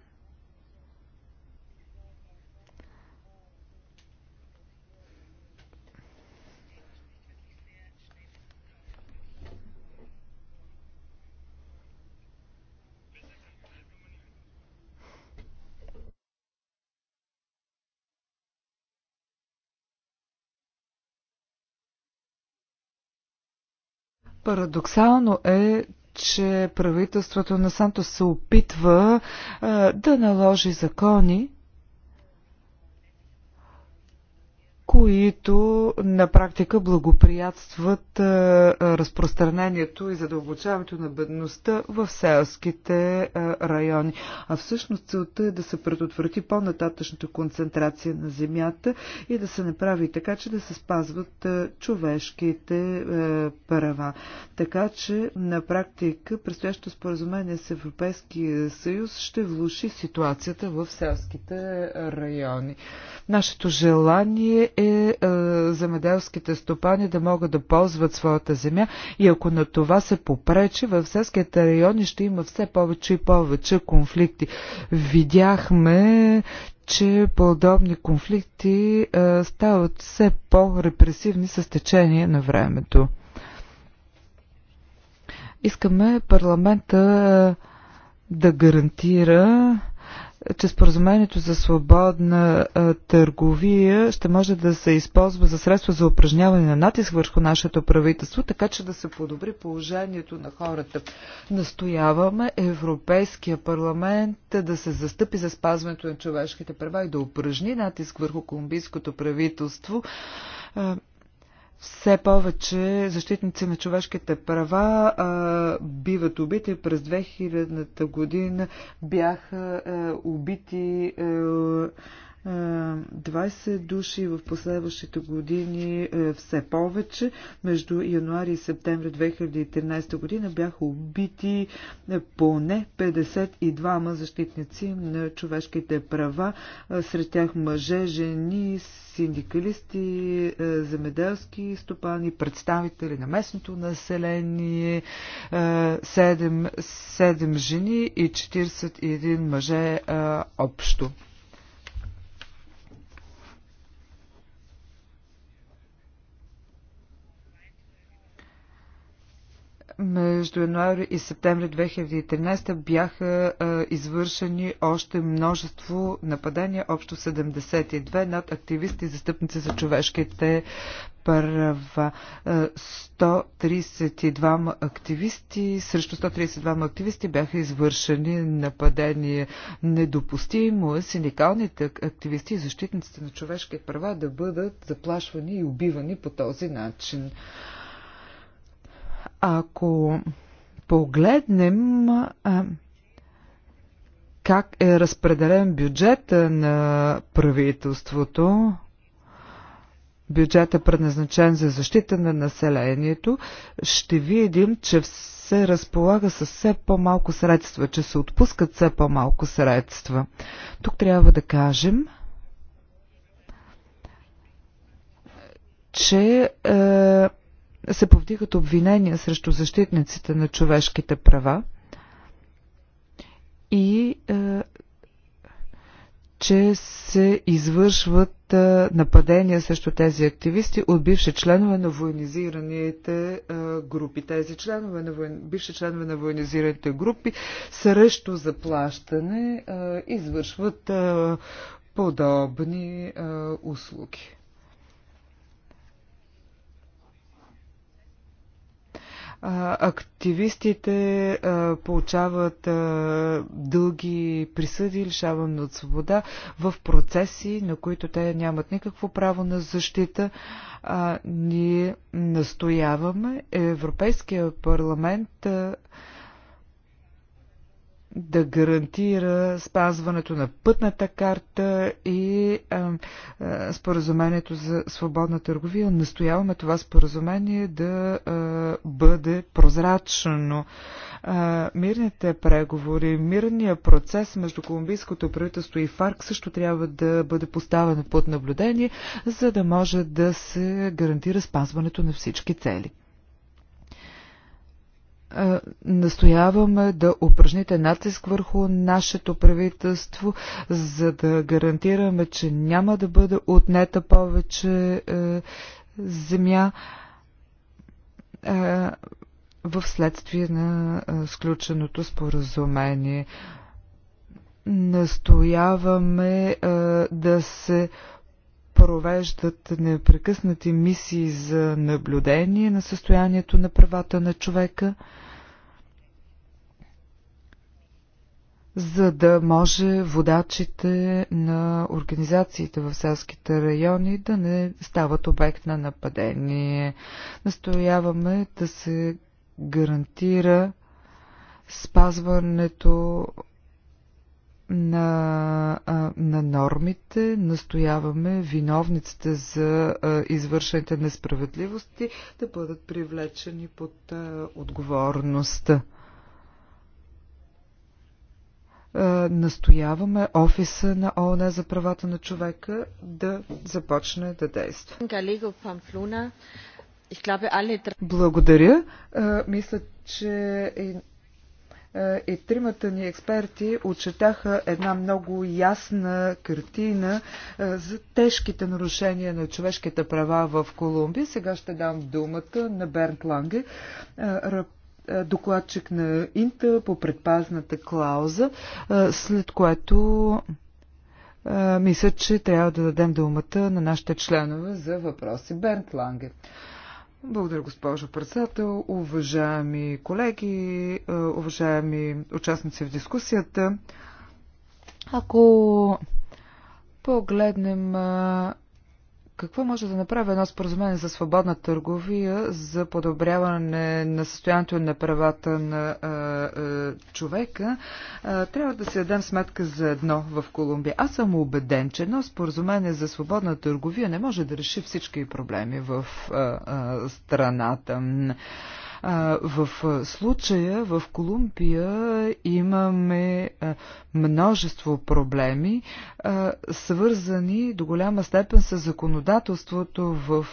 Парадоксално е, че правителството на Сантос се опитва а, да наложи закони, които на практика благоприятстват е, е, разпространението и задълбочаването на бедността в селските е, райони. А всъщност целта е да се предотврати по-нататъчната концентрация на земята и да се направи така, че да се спазват човешките права. Така че на практика предстоящото споразумение с Европейския съюз ще влуши ситуацията в селските райони. Нашето желание е, е земеделските стопани да могат да ползват своята земя и ако на това се попречи, в селските райони ще има все повече и повече конфликти. Видяхме, че подобни конфликти а, е, стават все по-репресивни с течение на времето. Искаме парламента е, да гарантира че споразумението за свободна търговия ще може да се използва за средство за упражняване на натиск върху нашето правителство, така че да се подобри положението на хората. Настояваме Европейския парламент да се застъпи за спазването на човешките права и да упражни натиск върху колумбийското правителство все повече защитници на човешките права а, биват убити. През 2000-та година бяха а, е, убити а, е, 20 души в последващите години е, все повече. Между януари и септември 2013 година бяха убити е, поне 52 защитници на човешките права. Сред тях мъже, жени, синдикалисти, е, земеделски стопани, представители на местното население, 7, 7 жени и 41 мъже общо. между януари и септември 2013 бяха а, извършени още множество нападения, общо 72 над активисти и застъпници за човешките права. 132 активисти, срещу 132 активисти бяха извършени нападения. Недопустимо е синдикалните активисти и защитниците на човешки права да бъдат заплашвани и убивани по този начин. Ако погледнем а, как е разпределен бюджета на правителството, бюджета предназначен за защита на населението, ще видим, че се разполага с все по-малко средства, че се отпускат все по-малко средства. Тук трябва да кажем, че е, се повдигат обвинения срещу защитниците на човешките права и е, че се извършват е, нападения срещу тези активисти от бивши членове на военизираните е, групи. Тези членове на воен... бивши членове на военизираните групи срещу заплащане е, извършват е, подобни е, услуги. активистите получават дълги присъди, лишаване от свобода в процеси, на които те нямат никакво право на защита. Ние настояваме Европейския парламент да гарантира спазването на пътната карта и а, а, споразумението за свободна търговия. Настояваме това споразумение да а, бъде прозрачно. А, мирните преговори, мирният процес между колумбийското правителство и ФАРК също трябва да бъде поставен под наблюдение, за да може да се гарантира спазването на всички цели настояваме да упражните натиск върху нашето правителство, за да гарантираме, че няма да бъде отнета повече е, земя е, в следствие на е, сключеното споразумение. Настояваме е, да се провеждат непрекъснати мисии за наблюдение на състоянието на правата на човека, за да може водачите на организациите в селските райони да не стават обект на нападение. Настояваме да се гарантира спазването на, на нормите, настояваме виновниците за извършените несправедливости да бъдат привлечени под отговорността. Настояваме офиса на ООН за правата на човека да започне да действа. Благодаря. Мисля, че е, и тримата ни експерти очетаха една много ясна картина е, за тежките нарушения на човешките права в Колумбия. Сега ще дам думата на Бернт Ланге, е, докладчик на Инта по предпазната клауза, след което мисля, че трябва да дадем думата на нашите членове за въпроси. Бернт Ланге. Благодаря, госпожо председател. Уважаеми колеги, е, уважаеми участници в дискусията, ако погледнем е, какво може да направи едно споразумение за свободна търговия за подобряване на състоянието на правата на а, а, човека? А, трябва да се дадем сметка за едно в Колумбия. Аз съм убеден, че едно споразумение за свободна търговия не може да реши всички проблеми в а, а, страната. В случая в Колумбия имаме множество проблеми, свързани до голяма степен с законодателството в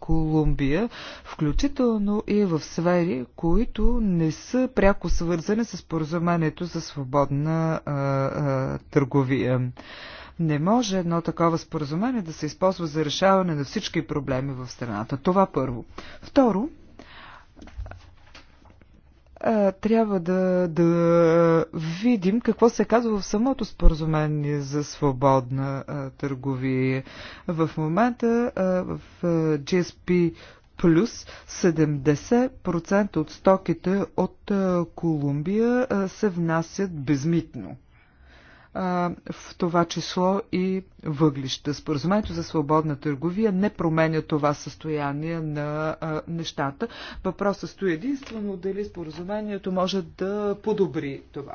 Колумбия, включително и в сфери, които не са пряко свързани с споразумението за свободна търговия. Не може едно такова споразумение да се използва за решаване на всички проблеми в страната. Това първо. Второ, трябва да, да видим какво се казва в самото споразумение за свободна а, търговия. В момента а, в а, GSP плюс 70% от стоките от а, Колумбия а, се внасят безмитно в това число и въглища. Споразумението за свободна търговия не променя това състояние на нещата. Въпросът стои единствено дали споразумението може да подобри това.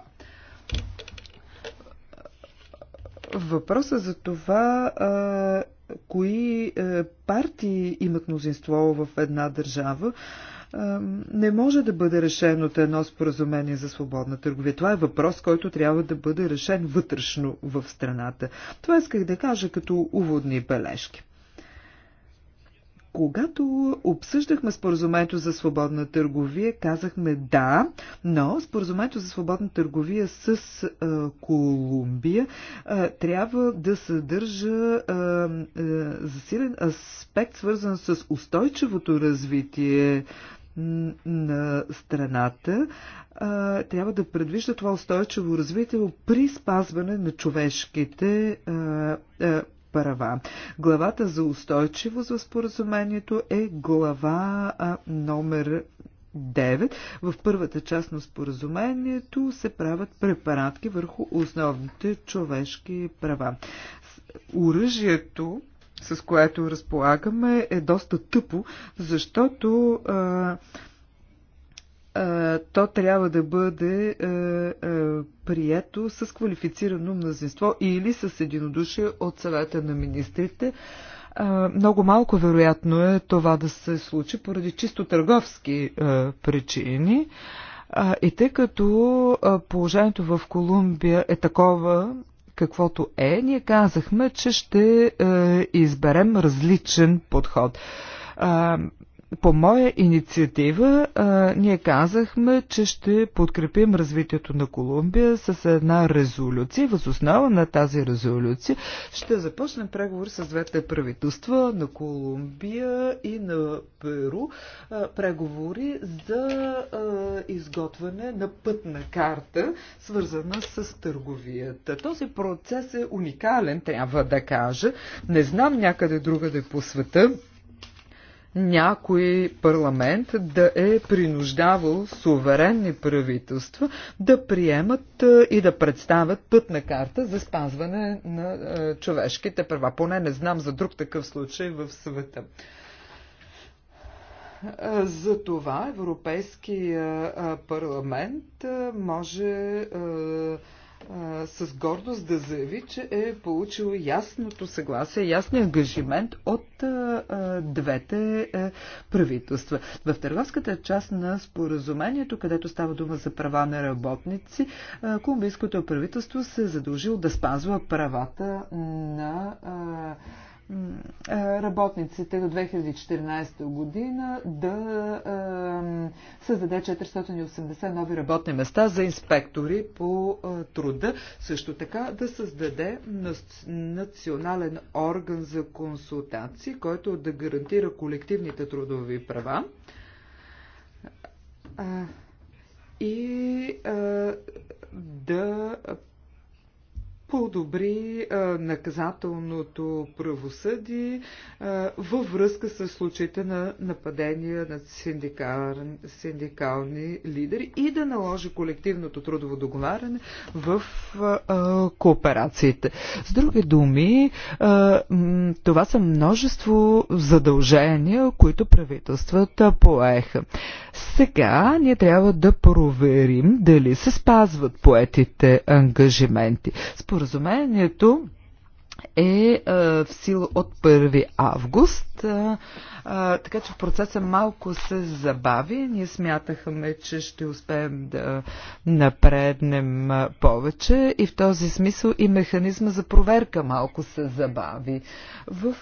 Въпросът за това кои е, партии имат мнозинство в една държава не може да бъде решен от едно споразумение за свободна търговия. Това е въпрос, който трябва да бъде решен вътрешно в страната. Това исках да кажа като уводни бележки. Когато обсъждахме споразумението за свободна търговия, казахме да, но споразумението за свободна търговия с а, Колумбия а, трябва да съдържа а, а, засилен аспект, свързан с устойчивото развитие на страната а, трябва да предвижда това устойчиво развитие при спазване на човешките а, а, права. Главата за устойчивост в споразумението е глава а, номер 9. В първата част на споразумението се правят препаратки върху основните човешки права. Оръжието с което разполагаме, е доста тъпо, защото а, а, то трябва да бъде а, а, прието с квалифицирано мнозинство или с единодушие от съвета на министрите. А, много малко вероятно е това да се случи поради чисто търговски а, причини. А, и тъй като положението в Колумбия е такова, каквото е, ние казахме, че ще е, изберем различен подход. Е, по моя инициатива а, ние казахме, че ще подкрепим развитието на Колумбия с една резолюция. Въз основа на тази резолюция ще започнем преговори с двете правителства на Колумбия и на Перу. А, преговори за а, изготвяне на пътна карта, свързана с търговията. Този процес е уникален, трябва да кажа. Не знам някъде другаде по света някой парламент да е принуждавал суверенни правителства да приемат е, и да представят пътна карта за спазване на е, човешките права. Поне не знам за друг такъв случай в света. Е, за това Европейския парламент може с гордост да заяви, че е получил ясното съгласие, ясния ангажимент от а, двете а, правителства. В търговската част на споразумението, където става дума за права на работници, а, колумбийското правителство се е задължило да спазва правата на а, работниците до 2014 година да създаде 480 нови работни места за инспектори по труда. Също така да създаде национален орган за консултации, който да гарантира колективните трудови права и да подобри наказателното правосъдие във връзка с случаите на нападения на синдикал, синдикални лидери и да наложи колективното трудово договаряне в кооперациите. С други думи, това са множество задължения, които правителствата поеха. Сега ние трябва да проверим дали се спазват поетите ангажименти. Според споразумението е в сила от 1 август, така че процеса малко се забави. Ние смятахме, че ще успеем да напреднем повече и в този смисъл и механизма за проверка малко се забави. В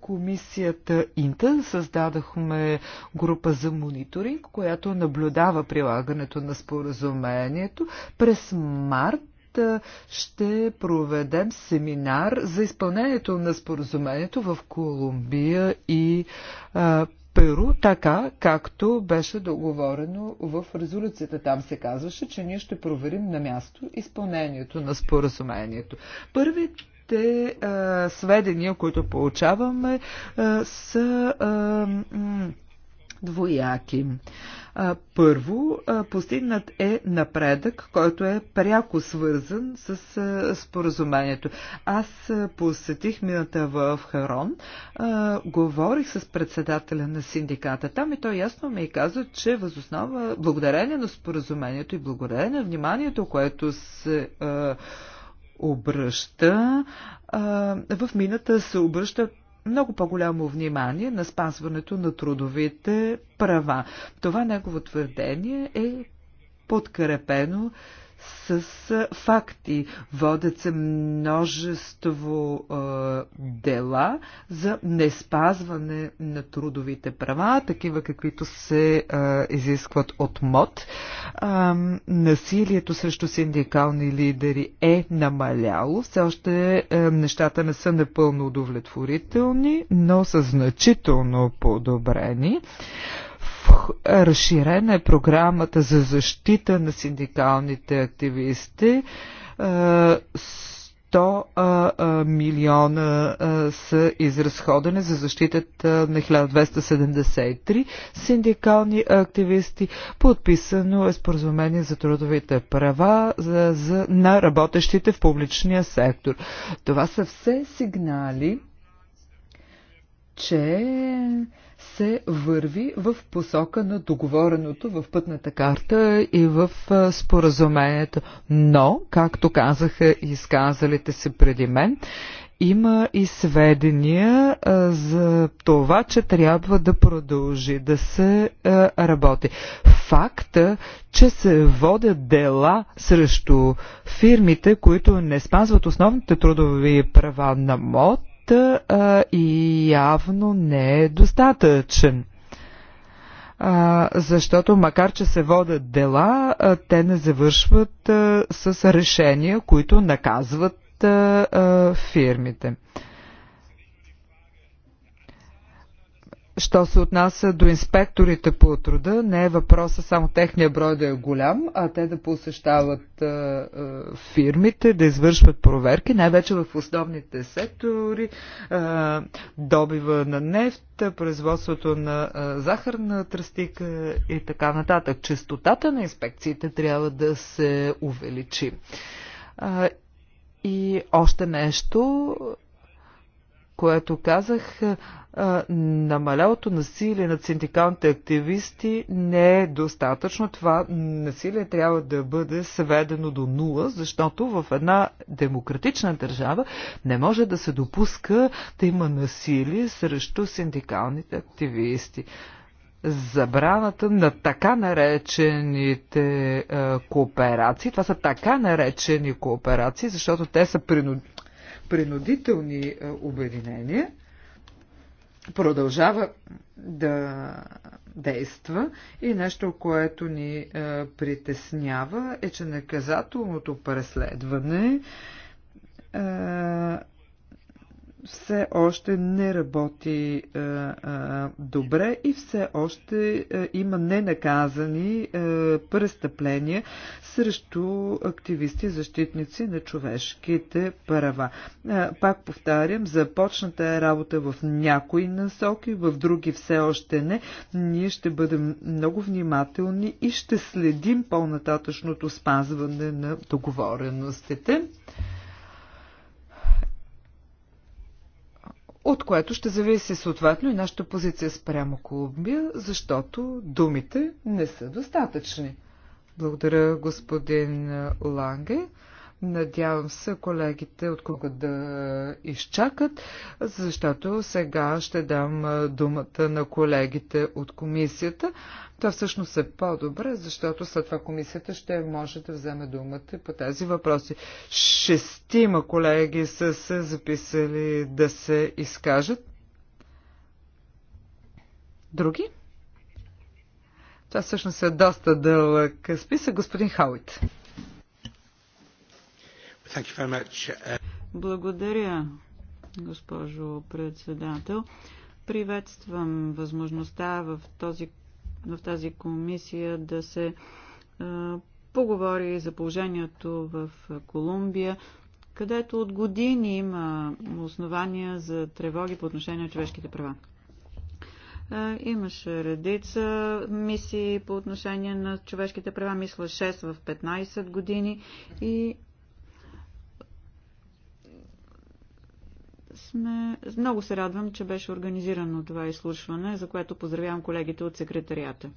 комисията Инта създадахме група за мониторинг, която наблюдава прилагането на споразумението. През март ще проведем семинар за изпълнението на споразумението в Колумбия и а, Перу, така както беше договорено в резолюцията. Там се казваше, че ние ще проверим на място изпълнението на споразумението. Първи те сведения, които получаваме, а, са а, двояки. Първо, постигнат е напредък, който е пряко свързан с споразумението. Аз посетих мината в Харон, говорих с председателя на синдиката там и той ясно ми каза, че възоснова, благодарение на споразумението и благодарение на вниманието, което се обръща, в мината се обръщат много по-голямо внимание на спазването на трудовите права. Това негово твърдение е подкрепено с факти. Водят се множество е, дела за неспазване на трудовите права, такива каквито се е, изискват от МОД. Е, насилието срещу синдикални лидери е намаляло. Все още е, нещата не са напълно удовлетворителни, но са значително подобрени. Е, разширена е програмата за защита на синдикалните активисти. 100 е, милиона са изразходени за защитата на 1273 синдикални активисти. Подписано е споразумение за трудовите права за, за, на работещите в публичния сектор. Това са все сигнали, че се върви в посока на договореното в пътната карта и в споразумението. Но, както казаха изказалите се преди мен, има и сведения а, за това, че трябва да продължи да се а, работи. Факта, че се водят дела срещу фирмите, които не спазват основните трудови права на МОД, и явно не е достатъчен. А, защото макар, че се водят дела, а, те не завършват а, с решения, които наказват а, а, фирмите. Що се отнася до инспекторите по труда, не е въпроса само техния брой да е голям, а те да посещават а, а, фирмите, да извършват проверки, най-вече в основните сектори, а, добива на нефт, производството на а, захарна тръстика и така нататък. Честотата на инспекциите трябва да се увеличи. А, и още нещо което казах, намалялото насилие над синдикалните активисти не е достатъчно. Това насилие трябва да бъде сведено до нула, защото в една демократична държава не може да се допуска да има насилие срещу синдикалните активисти забраната на така наречените е, кооперации. Това са така наречени кооперации, защото те са принуд принудителни е, обединения, продължава да действа и нещо, което ни е, притеснява е, че наказателното преследване е, все още не работи а, е, а, е, добре и все още а, е, има ненаказани а, престъпления срещу активисти, защитници на човешките права. А, пак повтарям, започната е работа в някои насоки, в други все още не. Ние ще бъдем много внимателни и ще следим по-нататъчното спазване на договореностите. от което ще зависи съответно и нашата позиция спрямо Колумбия, защото думите не са достатъчни. Благодаря, господин Ланге. Надявам се колегите от кога да изчакат, защото сега ще дам думата на колегите от комисията. Това всъщност е по-добре, защото след това комисията ще може да вземе думата по тези въпроси. Шестима колеги са се записали да се изкажат. Други? Това всъщност е доста дълъг списък. Господин Хауит. Благодаря, госпожо председател. Приветствам възможността в, този, в тази комисия да се е, поговори за положението в Колумбия, където от години има основания за тревоги по отношение на човешките права. Е, имаше редица мисии по отношение на човешките права, мисля 6 в 15 години и сме... Много се радвам, че беше организирано това изслушване, за което поздравявам колегите от секретарията.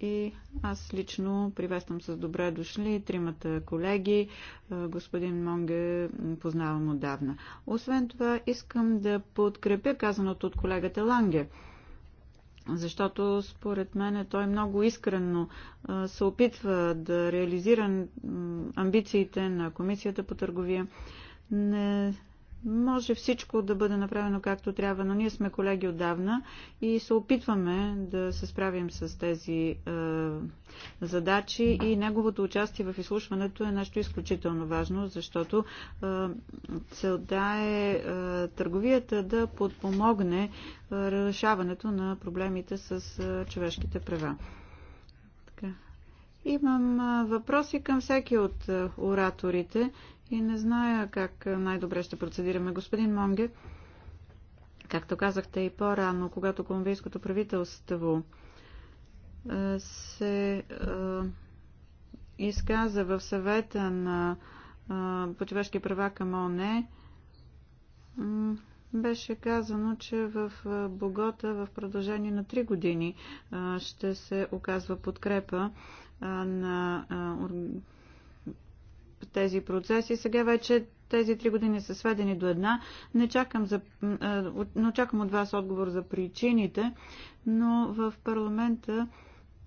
И аз лично приветствам с добре дошли тримата колеги. Господин Монге познавам отдавна. Освен това, искам да подкрепя казаното от колегата Ланге защото според мен той много искрено се опитва да реализира амбициите на Комисията по търговия. Не може всичко да бъде направено както трябва, но ние сме колеги отдавна и се опитваме да се справим с тези е, задачи и неговото участие в изслушването е нещо изключително важно, защото е, целта е, е търговията да подпомогне е, решаването на проблемите с е, човешките права. Така. Имам е, въпроси към всеки от е, ораторите и не зная как най-добре ще процедираме. Господин Монге, както казахте и по-рано, когато колумбийското правителство се изказа в съвета на по човешки права към ОНЕ, беше казано, че в Богота в продължение на 3 години ще се оказва подкрепа на тези процеси. Сега вече тези три години са сведени до една. Не чакам, за, не чакам от вас отговор за причините, но в парламента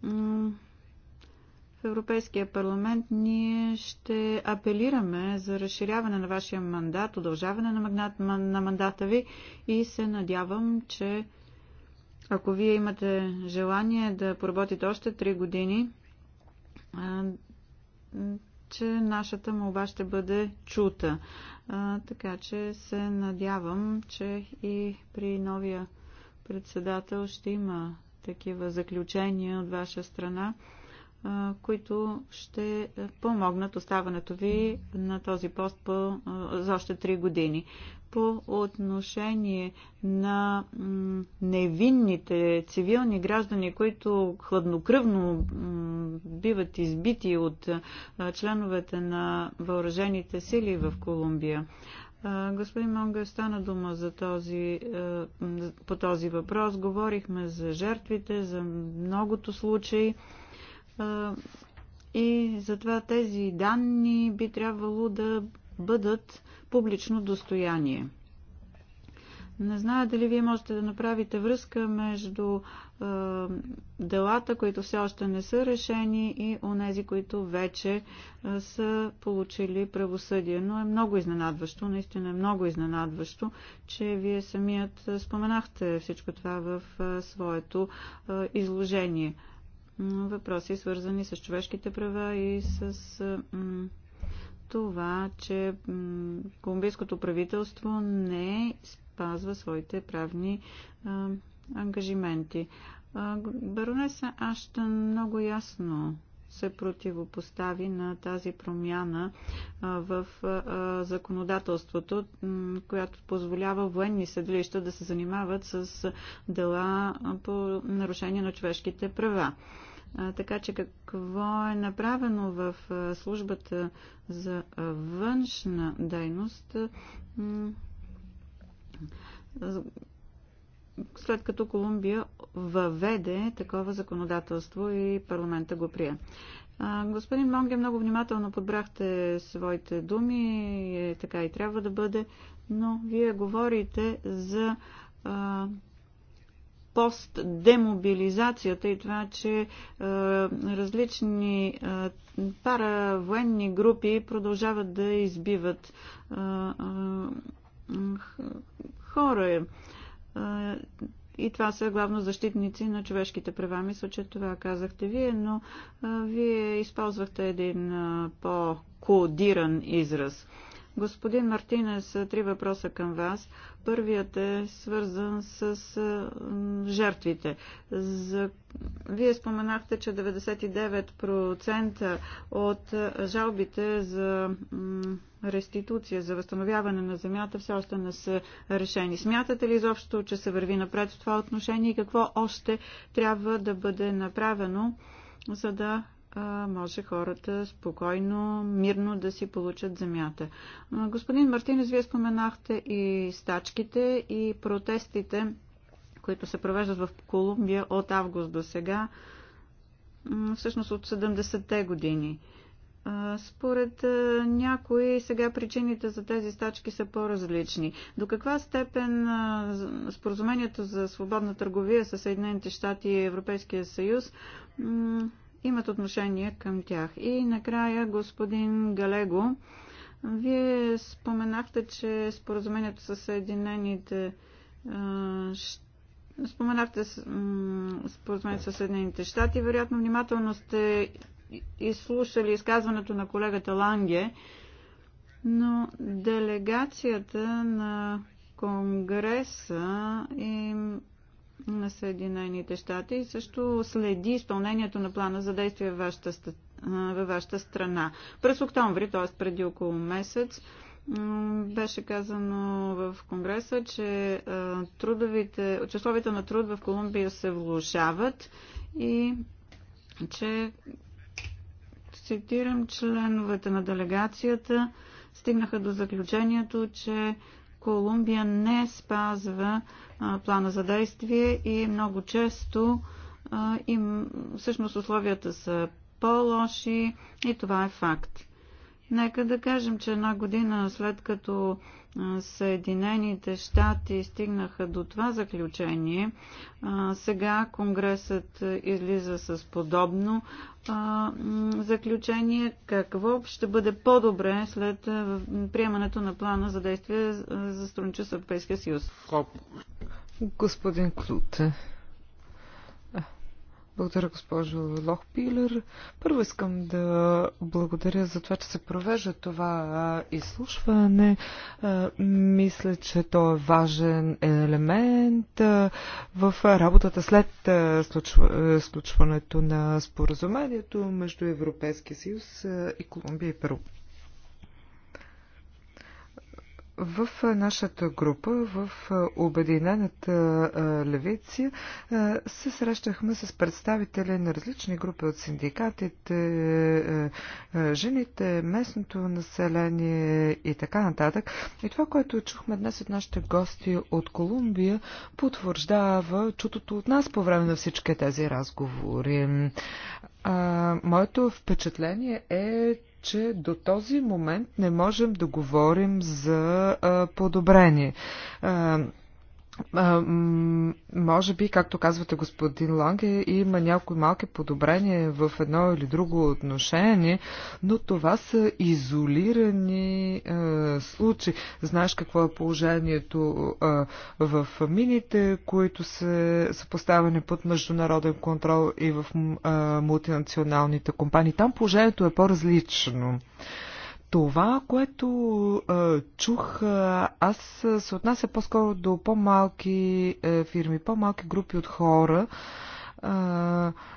в Европейския парламент ние ще апелираме за разширяване на вашия мандат, удължаване на, магнат, на мандата ви и се надявам, че ако вие имате желание да поработите още 3 години, че нашата молба ще бъде чута. Така че се надявам, че и при новия председател ще има такива заключения от ваша страна които ще помогнат оставането ви на този пост по, за още 3 години. По отношение на невинните цивилни граждани, които хладнокръвно биват избити от членовете на въоръжените сили в Колумбия. Господин Монга, стана дума за този, по този въпрос. Говорихме за жертвите, за многото случаи. И затова тези данни би трябвало да бъдат публично достояние. Не зная дали вие можете да направите връзка между е, делата, които все още не са решени и онези, които вече е, са получили правосъдие. Но е много изненадващо, наистина е много изненадващо, че вие самият споменахте всичко това в е, своето е, изложение въпроси, свързани с човешките права и с това, че колумбийското правителство не спазва своите правни ангажименти. Баронеса Аштън много ясно се противопостави на тази промяна в законодателството, която позволява военни съдилища да се занимават с дела по нарушение на човешките права. Така че какво е направено в службата за външна дейност? след като Колумбия въведе такова законодателство и парламента го прие. Господин Монге, много внимателно подбрахте своите думи, е, така и трябва да бъде, но вие говорите за а, постдемобилизацията и това, че а, различни а, паравоенни групи продължават да избиват а, а, хора и това са главно защитници на човешките права. Мисля, че това казахте вие, но вие използвахте един по-кодиран израз. Господин Мартинес, три въпроса към вас. Първият е свързан с жертвите. За... Вие споменахте, че 99% от жалбите за реституция, за възстановяване на земята все още не са решени. Смятате ли изобщо, че се върви напред в това отношение и какво още трябва да бъде направено, за да може хората спокойно, мирно да си получат земята. Господин Мартинес, вие споменахте и стачките и протестите, които се провеждат в Колумбия от август до сега, всъщност от 70-те години. Според някои сега причините за тези стачки са по-различни. До каква степен споразумението за свободна търговия с Съединените щати и Европейския съюз имат отношение към тях. И накрая, господин Галего, вие споменахте, че споразумението с Съединените споменахте споразумението с Съединените щати. Вероятно, внимателно сте изслушали изказването на колегата Ланге, но делегацията на Конгреса им на Съединените щати и също следи изпълнението на плана за действие във вашата, във вашата страна. През октомври, т.е. преди около месец, беше казано в Конгреса, че трудовите, часовите на труд в Колумбия се влушават и че цитирам членовете на делегацията стигнаха до заключението, че Колумбия не спазва плана за действие и много често им, всъщност условията са по-лоши и това е факт. Нека да кажем, че една година след като Съединените щати стигнаха до това заключение. Сега Конгресът излиза с подобно заключение. Какво ще бъде по-добре след приемането на плана за действие за сътрудничество Европейския съюз? Господин Клуте. Благодаря, госпожо Лохпилер. Първо искам да благодаря за това, че се провежда това изслушване. Мисля, че то е важен елемент в работата след случването на споразумението между Европейския съюз и Колумбия и Перу. В нашата група, в Обединената левиция, се срещахме с представители на различни групи от синдикатите, жените, местното население и така нататък. И това, което чухме днес от нашите гости от Колумбия, потвърждава чутото от нас по време на всички тези разговори. моето впечатление е, че до този момент не можем да говорим за а, подобрение. А, може би, както казвате господин Ланге, има някои малки подобрения в едно или друго отношение, но това са изолирани а, случаи. Знаеш какво е положението а, в мините, които са, са поставени под международен контрол и в а, мултинационалните компании. Там положението е по-различно. А, това, което а, чух а, аз, се отнася по-скоро до по-малки е, фирми, по-малки групи от хора,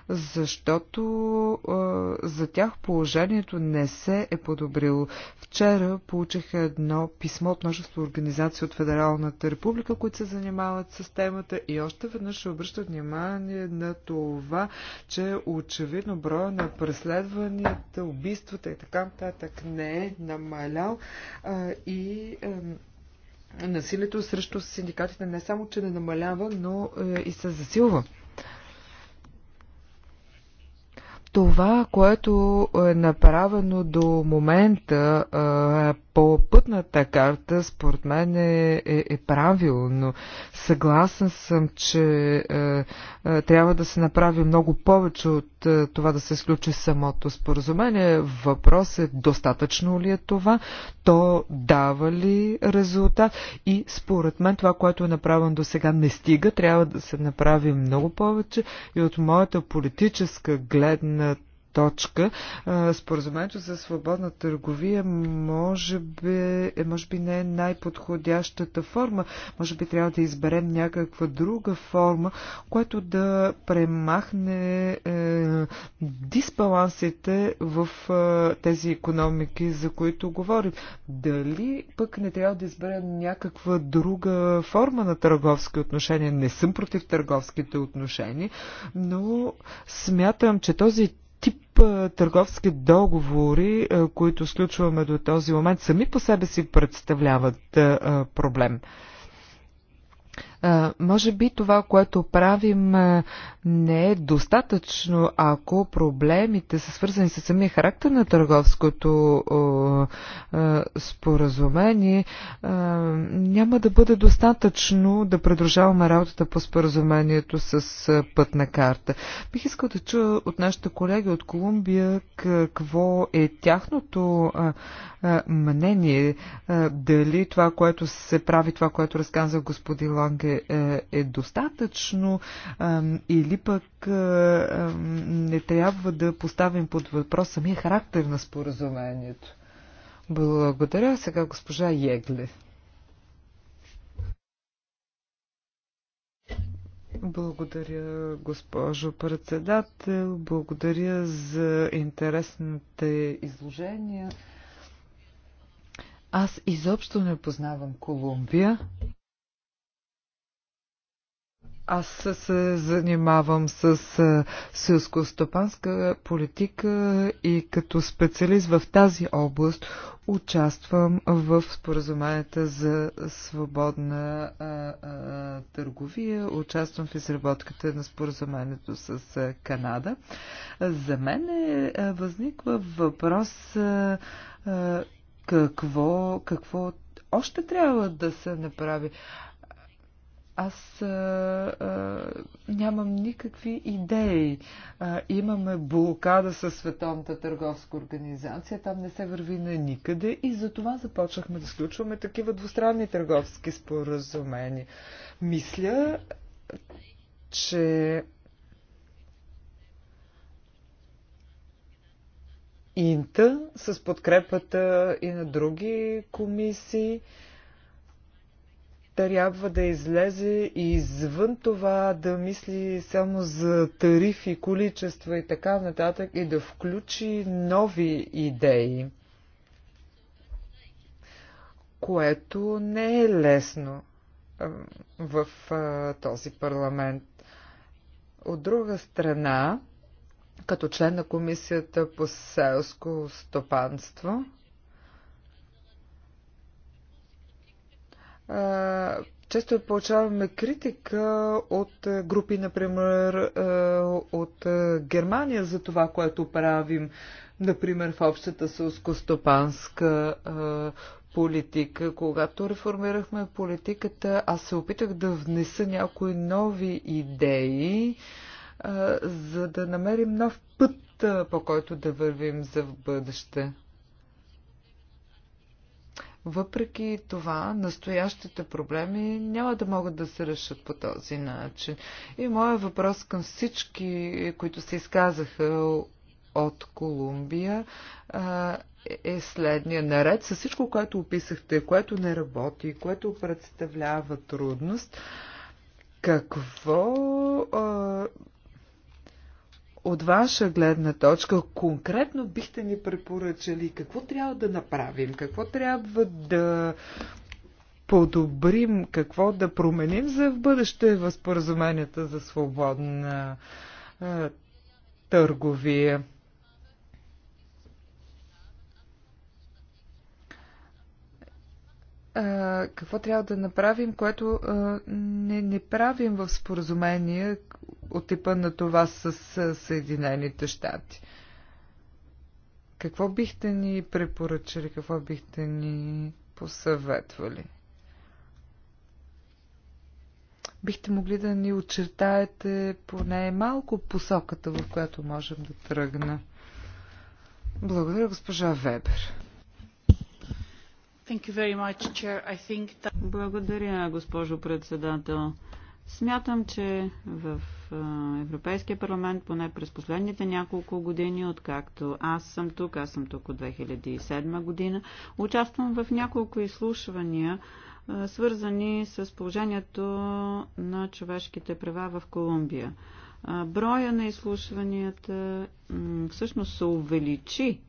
защото за тях положението не се е подобрило. Вчера получих едно писмо от множество организации от Федералната република, които се занимават с темата и още веднъж ще обръщат внимание на това, че очевидно броя на преследванията, убийствата и така нататък не е намалял и насилието срещу синдикатите не само, че не намалява, но е, и се засилва. Това, което е направено до момента по пътната карта, според мен е, е, е правилно. Съгласен съм, че е, е, трябва да се направи много повече от е, това да се сключи самото споразумение. Въпрос е достатъчно ли е това, то дава ли резултат и според мен това, което е направено до сега не стига, трябва да се направи много повече и от моята политическа гледна точка. Споразумението за свободна търговия може би, е, може би не е най-подходящата форма. Може би трябва да изберем някаква друга форма, която да премахне е, дисбалансите в е, тези економики, за които говорим. Дали пък не трябва да изберем някаква друга форма на търговски отношения? Не съм против търговските отношения, но смятам, че този тип търговски договори, които сключваме до този момент, сами по себе си представляват проблем. Може би това, което правим, не е достатъчно, ако проблемите са свързани с самия характер на търговското споразумение. Няма да бъде достатъчно да продължаваме работата по споразумението с пътна карта. Бих искал да чуя от нашите колеги от Колумбия какво е тяхното мнение. Дали това, което се прави, това, което разказа господин Ланге, е, е достатъчно или пък е, не трябва да поставим под въпрос самия характер на споразумението. Благодаря. Сега госпожа Егле. Благодаря, госпожо председател. Благодаря за интересните изложения. Аз изобщо не познавам Колумбия. Аз се занимавам с селско-стопанска политика и като специалист в тази област участвам в споразуменията за свободна а, а, търговия, участвам в изработката на споразумението с а, Канада. За мен е, а, възниква въпрос а, а, какво, какво още трябва да се направи. Аз а, а, нямам никакви идеи. А, имаме блокада със Световната търговска организация, там не се върви на никъде и за това започнахме да сключваме такива двустранни търговски споразумения. Мисля, че Инта с подкрепата и на други комисии а, трябва да излезе и извън това да мисли само за тарифи, количества и така нататък и да включи нови идеи, което не е лесно в този парламент. От друга страна, като член на комисията по селско стопанство, често получаваме критика от групи, например, от Германия за това, което правим, например, в общата сълско-стопанска политика. Когато реформирахме политиката, аз се опитах да внеса някои нови идеи, за да намерим нов път, по който да вървим за в бъдеще. Въпреки това, настоящите проблеми няма да могат да се решат по този начин. И моят въпрос към всички, които се изказаха от Колумбия, е следния. Наред с всичко, което описахте, което не работи, което представлява трудност, какво от ваша гледна точка конкретно бихте ни препоръчали какво трябва да направим, какво трябва да подобрим, какво да променим за в бъдеще в споразуменията за свободна а, търговия. а, какво трябва да направим, което а, не, не правим в споразумение, от типа на това с Съединените щати. Какво бихте ни препоръчали, какво бихте ни посъветвали? Бихте могли да ни очертаете поне малко посоката, в която можем да тръгна. Благодаря, госпожа Вебер. Благодаря, госпожо председател. Смятам, че в Европейския парламент, поне през последните няколко години, откакто аз съм тук, аз съм тук от 2007 година, участвам в няколко изслушвания, свързани с положението на човешките права в Колумбия. Броя на изслушванията всъщност се увеличи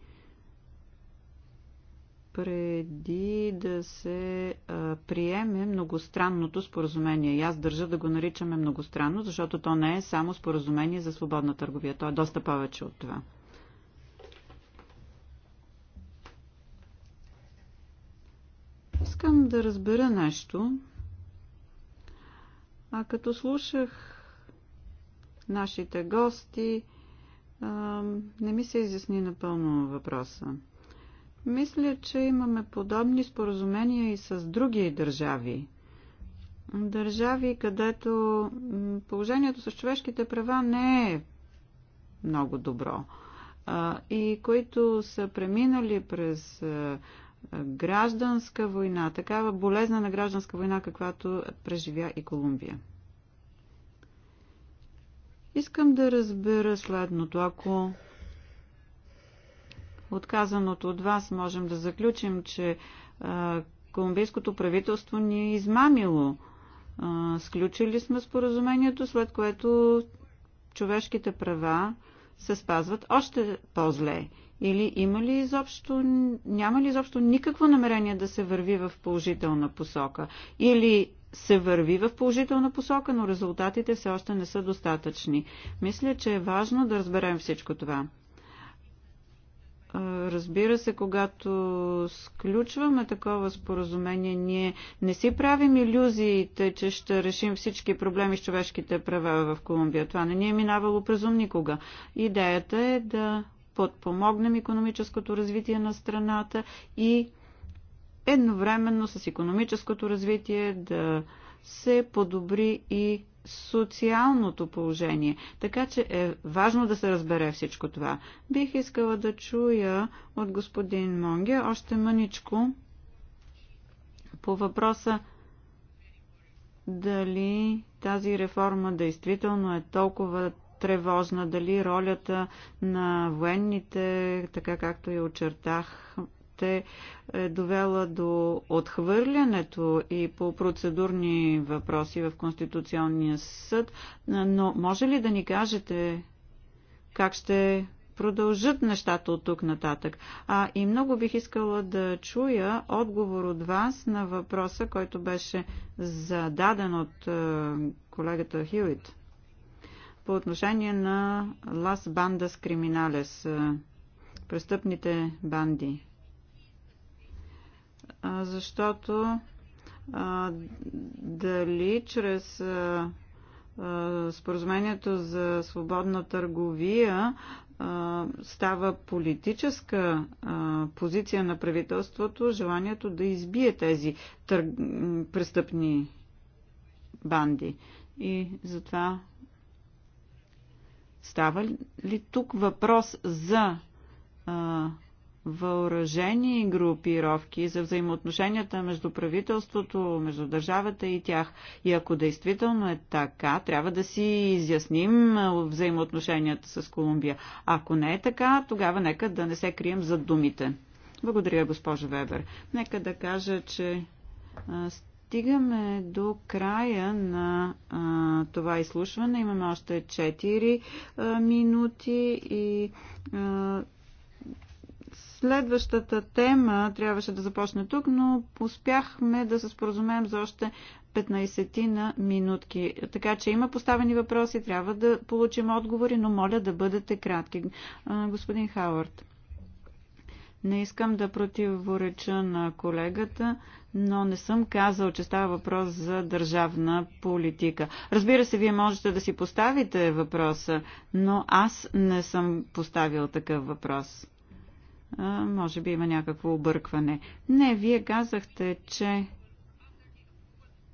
преди да се а, приеме многостранното споразумение. И аз държа да го наричаме многостранно, защото то не е само споразумение за свободна търговия. То е доста повече от това. Искам да разбера нещо. А като слушах нашите гости, а, не ми се изясни напълно въпроса. Мисля, че имаме подобни споразумения и с други държави. Държави, където положението с човешките права не е много добро и които са преминали през гражданска война, такава болезна на гражданска война, каквато преживя и Колумбия. Искам да разбера следното. Ако отказаното от вас можем да заключим, че колумбийското правителство ни е измамило. Сключили сме споразумението, след което човешките права се спазват още по-зле. Или има ли изобщо, няма ли изобщо никакво намерение да се върви в положителна посока? Или се върви в положителна посока, но резултатите все още не са достатъчни. Мисля, че е важно да разберем всичко това. Разбира се, когато сключваме такова споразумение, ние не си правим иллюзиите, че ще решим всички проблеми с човешките права в Колумбия. Това не ни е минавало през ум никога. Идеята е да подпомогнем економическото развитие на страната и едновременно с економическото развитие да се подобри и социалното положение. Така че е важно да се разбере всичко това. Бих искала да чуя от господин Монге още мъничко по въпроса дали тази реформа действително е толкова тревожна, дали ролята на военните, така както я очертах, е довела до отхвърлянето и по процедурни въпроси в Конституционния съд, но може ли да ни кажете как ще продължат нещата от тук нататък. А и много бих искала да чуя отговор от вас на въпроса, който беше зададен от е, колегата Хюит по отношение на Лас Бандас Криминалес, е, престъпните банди защото дали чрез споразумението за свободна търговия става политическа позиция на правителството, желанието да избие тези тър... престъпни банди. И затова става ли тук въпрос за въоръжени групировки, за взаимоотношенията между правителството, между държавата и тях. И ако действително е така, трябва да си изясним взаимоотношенията с Колумбия. Ако не е така, тогава нека да не се крием за думите. Благодаря, госпожо Вебер. Нека да кажа, че стигаме до края на а, това изслушване. Имаме още 4 а, минути и а, Следващата тема трябваше да започне тук, но успяхме да се споразумеем за още 15 на минутки. Така че има поставени въпроси, трябва да получим отговори, но моля да бъдете кратки. Господин Хауърд. Не искам да противореча на колегата, но не съм казал, че става въпрос за държавна политика. Разбира се, вие можете да си поставите въпроса, но аз не съм поставил такъв въпрос може би има някакво объркване. Не, вие казахте, че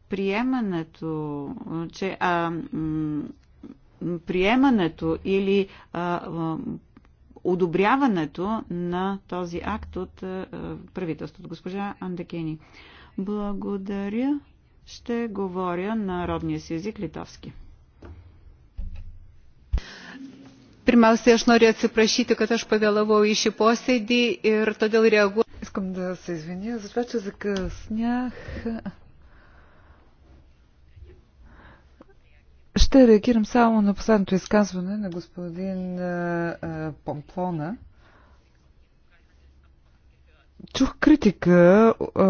приемането, че а, приемането или а, а, одобряването на този акт от а, правителството. Госпожа Андекени. Благодаря. Ще говоря на родния си език литовски. Pirmiausia, aš noriu atsiprašyti, kad aš pavėlavau į šį posėdį ir todėl reaguoju. Искам да се извиня за че закъснях. Ще реагирам само на последното изказване на господин Помплона чух критика а,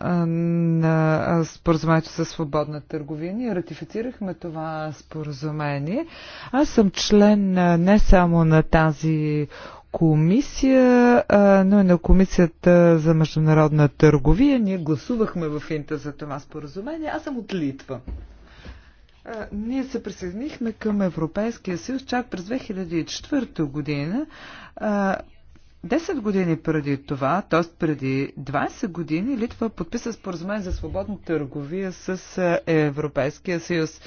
а, на споразумението за свободна търговия. Ние ратифицирахме това споразумение. Аз съм член не само на тази комисия, но и на комисията за международна търговия. Ние гласувахме в Инта за това споразумение. Аз съм от Литва. Ние се присъединихме към Европейския съюз чак през 2004 година Десет години преди това, т.е. преди 20 години, Литва подписа споразумение за свободна търговия с е, Европейския съюз.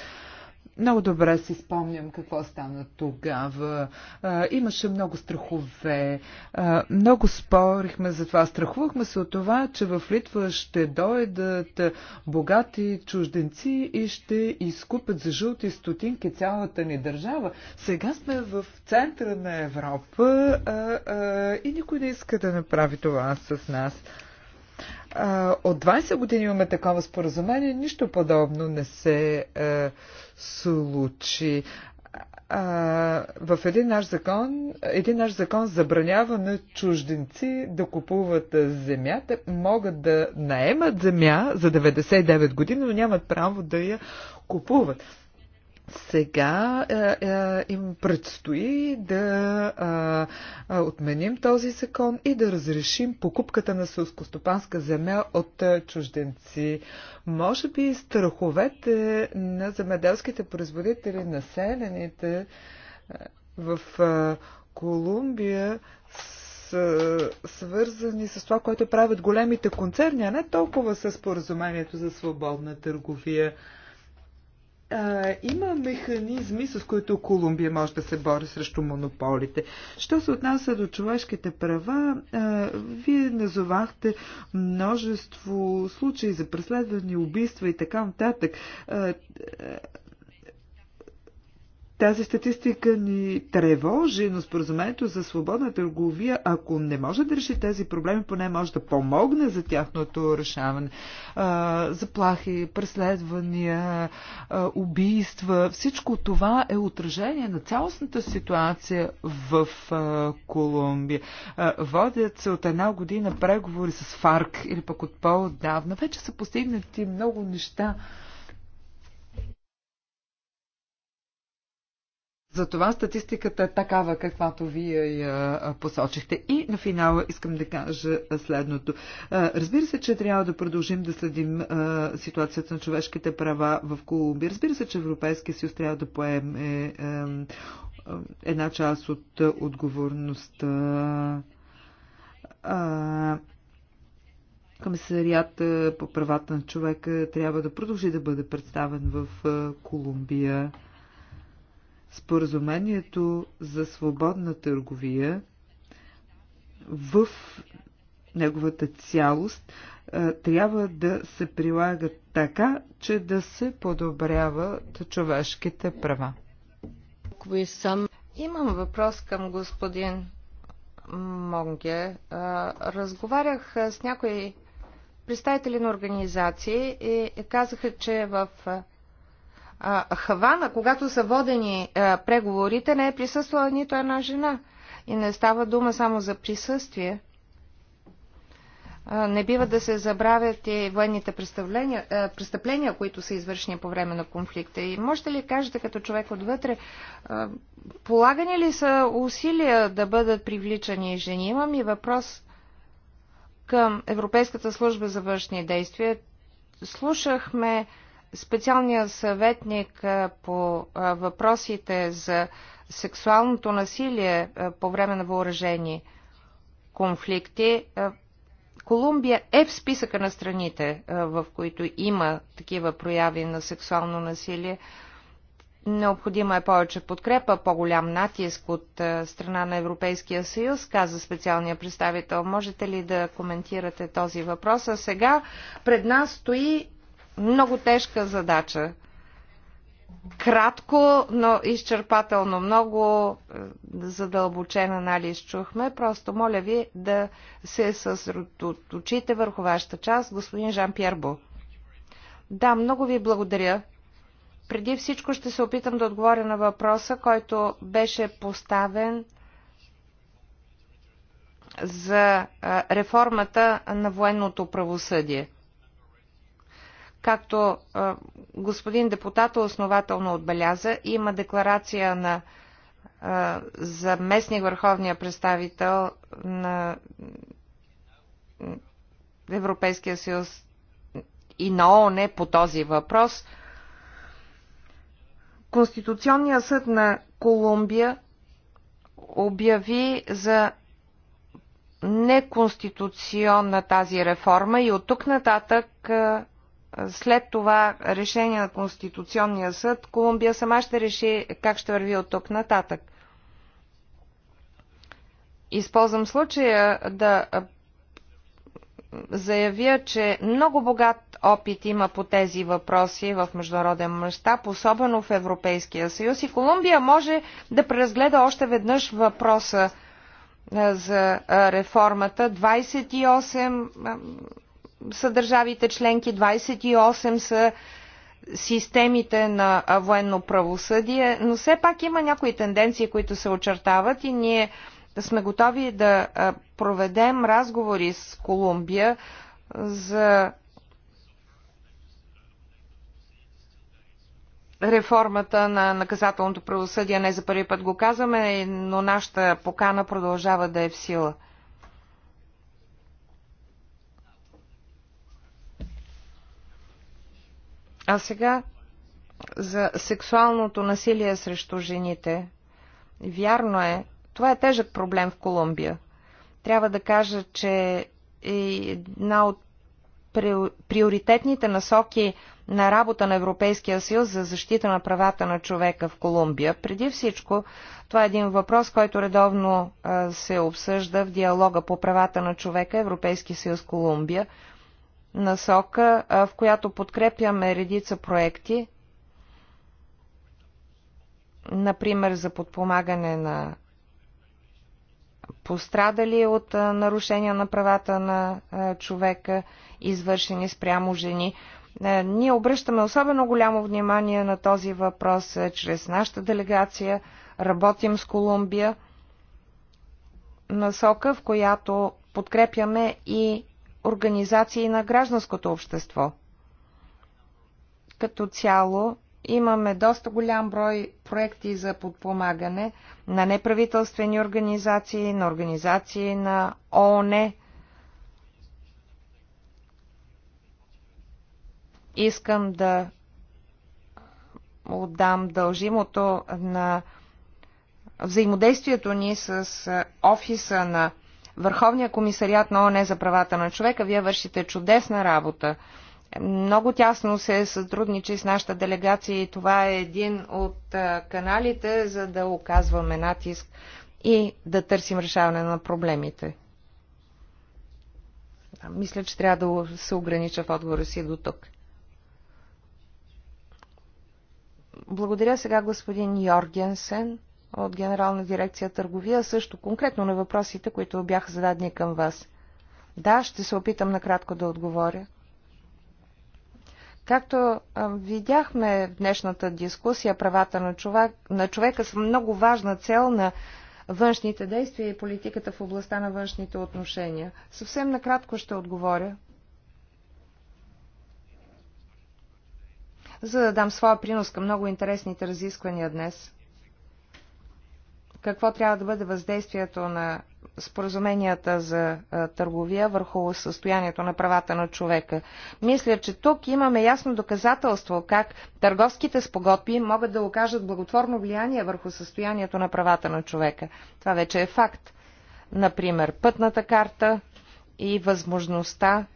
Много добре си спомням какво стана тогава. А, имаше много страхове. А, много спорихме за това. Страхувахме се от това, че в Литва ще дойдат богати чужденци и ще изкупят за жълти стотинки цялата ни държава. Сега сме в центъра на Европа а, а, и никой не иска да направи това с нас от 20 години имаме такова споразумение, нищо подобно не се е, случи. А, в един наш закон, един наш закон забранява на чужденци да купуват земята. могат да наемат земя за 99 години, но нямат право да я купуват. Сега е, е, им предстои да е, отменим този закон и да разрешим покупката на сълскостопанска земя от е, чужденци. Може би страховете на земеделските производители, населените е, в е, Колумбия са свързани с това, което правят големите концерни, а не толкова с поразумението за свободна търговия а, има механизми, с които Колумбия може да се бори срещу монополите. Що се отнася до човешките права, а, вие назовахте множество случаи за преследване, убийства и така нататък. А, тази статистика ни тревожи, но споразумението за свободна търговия, ако не може да реши тези проблеми, поне може да помогне за тяхното решаване. А, заплахи, преследвания, а, убийства, всичко това е отражение на цялостната ситуация в а, Колумбия. А, водят се от една година преговори с ФАРК или пък от по-отдавна. Вече са постигнати много неща. Затова статистиката е такава, каквато вие я посочихте. И на финала искам да кажа следното. Разбира се, че трябва да продължим да следим ситуацията на човешките права в Колумбия. Разбира се, че Европейския съюз трябва да поеме една част от отговорността. Комисарият по правата на човека трябва да продължи да бъде представен в Колумбия споразумението за свободна търговия в неговата цялост трябва да се прилага така, че да се подобряват човешките права. Имам въпрос към господин Монге. Разговарях с някои представители на организации и казаха, че в Хавана, когато са водени преговорите, не е присъствала нито една жена. И не става дума само за присъствие. Не бива да се забравят и военните престъпления, които са извършени по време на конфликта. И можете ли кажете като човек отвътре, полагани ли са усилия да бъдат привличани жени? Имам и въпрос към Европейската служба за външни действия. Слушахме специалния съветник по въпросите за сексуалното насилие по време на въоръжени конфликти, Колумбия е в списъка на страните, в които има такива прояви на сексуално насилие. Необходима е повече подкрепа, по-голям натиск от страна на Европейския съюз, каза специалния представител. Можете ли да коментирате този въпрос? А сега пред нас стои много тежка задача. Кратко, но изчерпателно много е, задълбочен анализ чухме. Просто моля ви да се съсредоточите върху вашата част, господин Жан Пьербо. Да, много ви благодаря. Преди всичко ще се опитам да отговоря на въпроса, който беше поставен за реформата на военното правосъдие. Както господин депутата основателно отбеляза, има декларация на местния върховния представител на Европейския съюз и на ООН по този въпрос. Конституционният съд на Колумбия обяви за неконституционна тази реформа и от тук нататък след това решение на Конституционния съд, Колумбия сама ще реши как ще върви от тук нататък. Използвам случая да заявя, че много богат опит има по тези въпроси в международен мащаб, особено в Европейския съюз и Колумбия може да преразгледа още веднъж въпроса за реформата. 28 са държавите членки, 28 са системите на военно правосъдие, но все пак има някои тенденции, които се очертават и ние сме готови да проведем разговори с Колумбия за реформата на наказателното правосъдие. Не за първи път го казваме, но нашата покана продължава да е в сила. А сега за сексуалното насилие срещу жените. Вярно е, това е тежък проблем в Колумбия. Трябва да кажа, че е една от приоритетните насоки на работа на Европейския съюз за защита на правата на човека в Колумбия. Преди всичко, това е един въпрос, който редовно се обсъжда в диалога по правата на човека Европейски съюз Колумбия, насока, в която подкрепяме редица проекти, например за подпомагане на пострадали от нарушения на правата на човека, извършени спрямо жени. Ние обръщаме особено голямо внимание на този въпрос чрез нашата делегация. Работим с Колумбия, насока, в която подкрепяме и организации на гражданското общество. Като цяло имаме доста голям брой проекти за подпомагане на неправителствени организации, на организации на ООН. Искам да отдам дължимото на взаимодействието ни с офиса на Върховния комисариат на ОНЕ за правата на човека, вие вършите чудесна работа. Много тясно се сътрудничи с нашата делегация и това е един от каналите, за да оказваме натиск и да търсим решаване на проблемите. Мисля, че трябва да се огранича в отговора си до тук. Благодаря сега господин Йоргенсен от Генерална дирекция търговия също конкретно на въпросите, които бяха зададени към вас. Да, ще се опитам накратко да отговоря. Както видяхме в днешната дискусия, правата на, човек, на човека са много важна цел на външните действия и политиката в областта на външните отношения. Съвсем накратко ще отговоря. За да дам своя принос към много интересните разисквания днес какво трябва да бъде въздействието на споразуменията за търговия върху състоянието на правата на човека. Мисля, че тук имаме ясно доказателство как търговските спогодби могат да окажат благотворно влияние върху състоянието на правата на човека. Това вече е факт. Например, пътната карта и възможността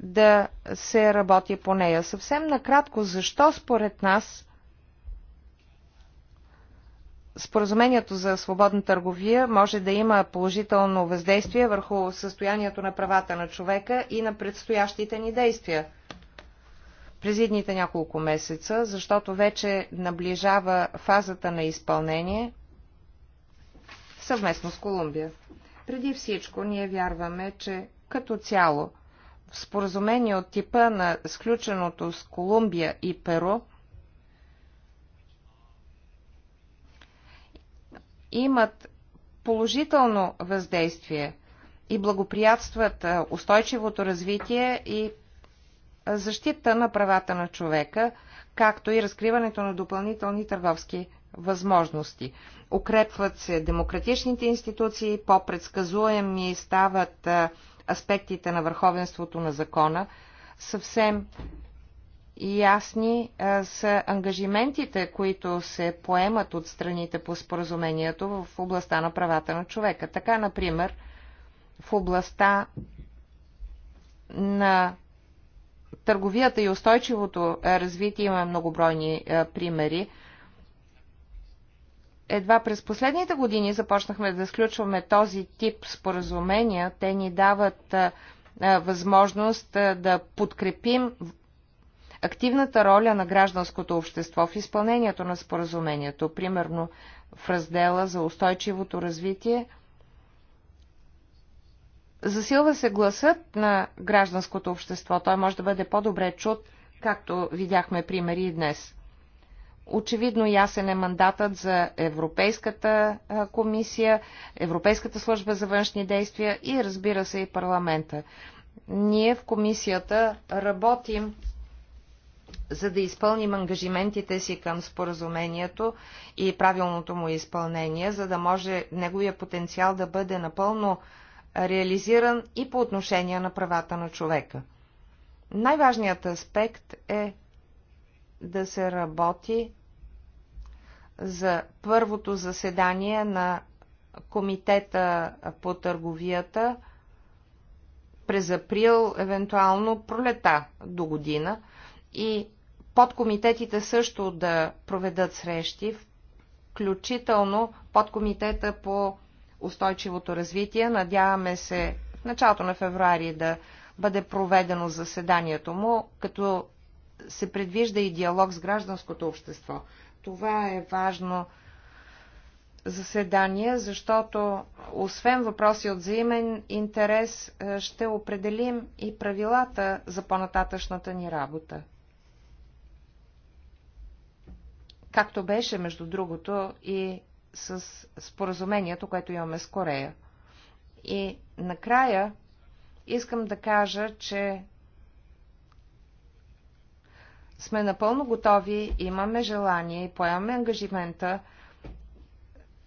да се работи по нея. Съвсем накратко, защо според нас Споразумението за свободна търговия може да има положително въздействие върху състоянието на правата на човека и на предстоящите ни действия през едните няколко месеца, защото вече наближава фазата на изпълнение съвместно с Колумбия. Преди всичко ние вярваме, че като цяло в споразумение от типа на сключеното с Колумбия и Перу имат положително въздействие и благоприятстват устойчивото развитие и защита на правата на човека, както и разкриването на допълнителни търговски възможности. Укрепват се демократичните институции, по-предсказуеми стават аспектите на върховенството на закона. Съвсем ясни а, са ангажиментите, които се поемат от страните по споразумението в областта на правата на човека. Така, например, в областта на търговията и устойчивото развитие има многобройни а, примери. Едва през последните години започнахме да сключваме този тип споразумения. Те ни дават а, възможност да подкрепим активната роля на гражданското общество в изпълнението на споразумението, примерно в раздела за устойчивото развитие. Засилва се гласът на гражданското общество. Той може да бъде по-добре чут, както видяхме примери и днес. Очевидно ясен е мандатът за Европейската комисия, Европейската служба за външни действия и разбира се и парламента. Ние в комисията работим за да изпълним ангажиментите си към споразумението и правилното му изпълнение, за да може неговия потенциал да бъде напълно реализиран и по отношение на правата на човека. Най-важният аспект е да се работи за първото заседание на Комитета по търговията през април, евентуално пролета до година – и подкомитетите също да проведат срещи, включително подкомитета по устойчивото развитие. Надяваме се в началото на февруари да бъде проведено заседанието му, като се предвижда и диалог с гражданското общество. Това е важно заседание, защото освен въпроси от взаимен интерес, ще определим и правилата за по-нататъчната ни работа. както беше, между другото, и с споразумението, което имаме с Корея. И накрая искам да кажа, че сме напълно готови, имаме желание и поемаме ангажимента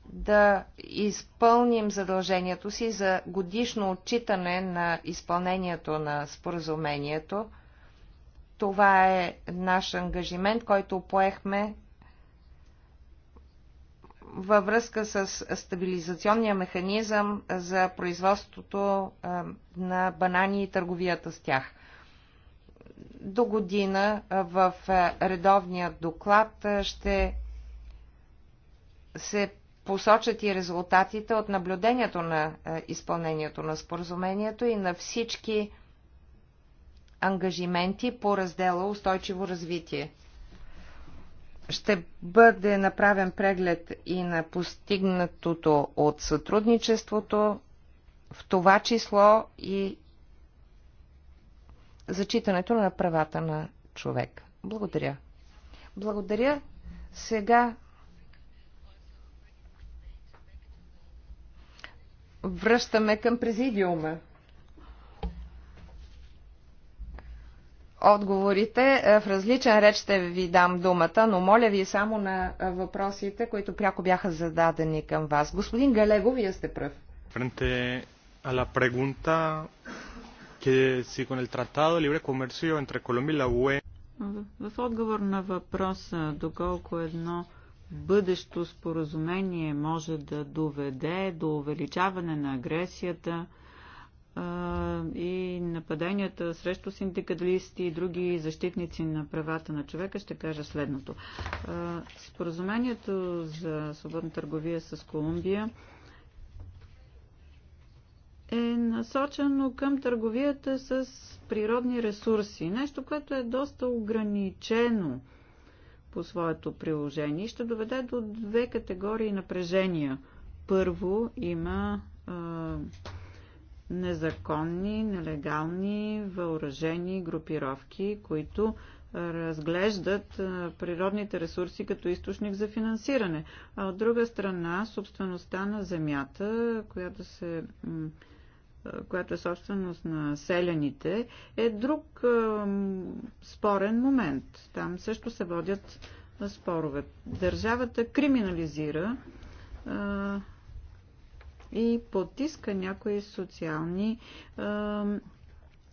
да изпълним задължението си за годишно отчитане на изпълнението на споразумението. Това е наш ангажимент, който поехме във връзка с стабилизационния механизъм за производството на банани и търговията с тях. До година в редовния доклад ще се посочат и резултатите от наблюдението на изпълнението на споразумението и на всички ангажименти по раздела устойчиво развитие. Ще бъде направен преглед и на постигнатото от сътрудничеството, в това число и зачитането на правата на човек. Благодаря. Благодаря. Сега връщаме към президиума. отговорите. Е, в различен реч ще ви дам думата, но моля ви само на е, въпросите, които пряко бяха зададени към вас. Господин Галего, вие сте пръв. Френте ала прегунта, pregunta си si con el Tratado de entre В, в отговор на въпроса, доколко едно бъдещо споразумение може да доведе до увеличаване на агресията, и нападенията срещу синдикалисти и други защитници на правата на човека, ще кажа следното. Споразумението за свободна търговия с Колумбия е насочено към търговията с природни ресурси. Нещо, което е доста ограничено по своето приложение и ще доведе до две категории напрежения. Първо има а, незаконни, нелегални въоръжени групировки, които разглеждат природните ресурси като източник за финансиране. А от друга страна, собствеността на земята, която се която е собственост на селяните, е друг спорен момент. Там също се водят спорове. Държавата криминализира и потиска някои социални е,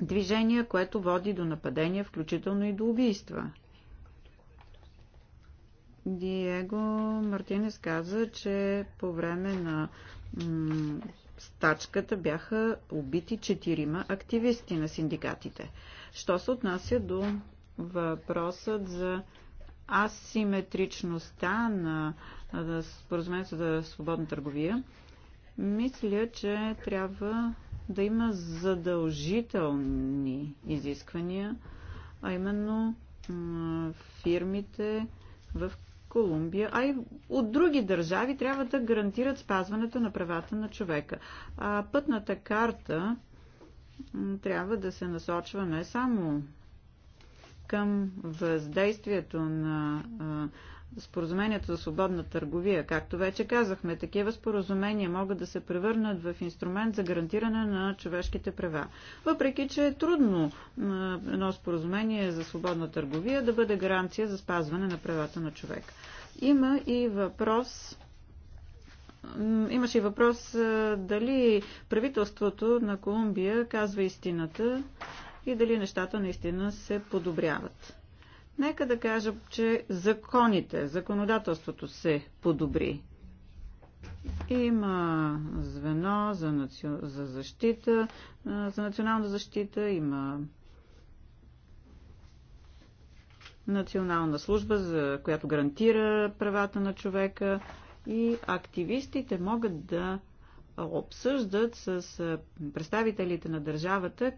движения, което води до нападения, включително и до убийства. Диего Мартинес каза, че по време на стачката бяха убити четирима активисти на синдикатите. Що се отнася до въпросът за асиметричността на, на споразумението за свободна търговия, мисля, че трябва да има задължителни изисквания, а именно фирмите в Колумбия, а и от други държави трябва да гарантират спазването на правата на човека. А пътната карта трябва да се насочва не само към въздействието на споразумението за свободна търговия. Както вече казахме, такива споразумения могат да се превърнат в инструмент за гарантиране на човешките права. Въпреки, че е трудно едно споразумение за свободна търговия да бъде гаранция за спазване на правата на човек. Има и въпрос имаше и въпрос дали правителството на Колумбия казва истината и дали нещата наистина се подобряват. Нека да кажа, че законите, законодателството се подобри. Има звено за, наци... за защита, за национална защита, има национална служба, за която гарантира правата на човека и активистите могат да обсъждат с представителите на държавата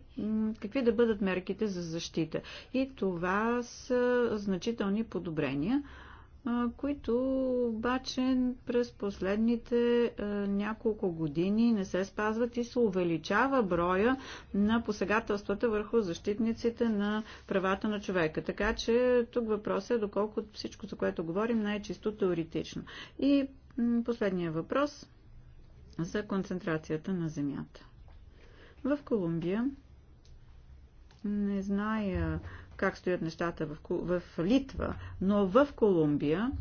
какви да бъдат мерките за защита. И това са значителни подобрения, които обаче през последните няколко години не се спазват и се увеличава броя на посегателствата върху защитниците на правата на човека. Така че тук въпросът е доколко всичко, за което говорим, най чисто теоретично. И последния въпрос – за концентрацията на земята. В Колумбия не зная как стоят нещата в, в Литва, но в Колумбия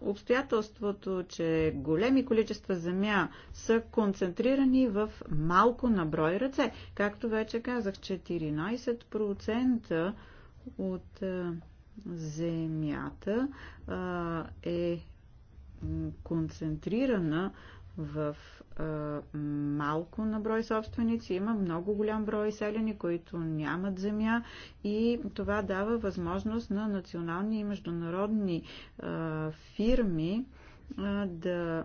обстоятелството, че големи количества земя са концентрирани в малко наброй ръце. Както вече казах, 14% от земята е концентрирана в а, малко на брой собственици, има много голям брой селени, които нямат земя и това дава възможност на национални и международни а, фирми а, да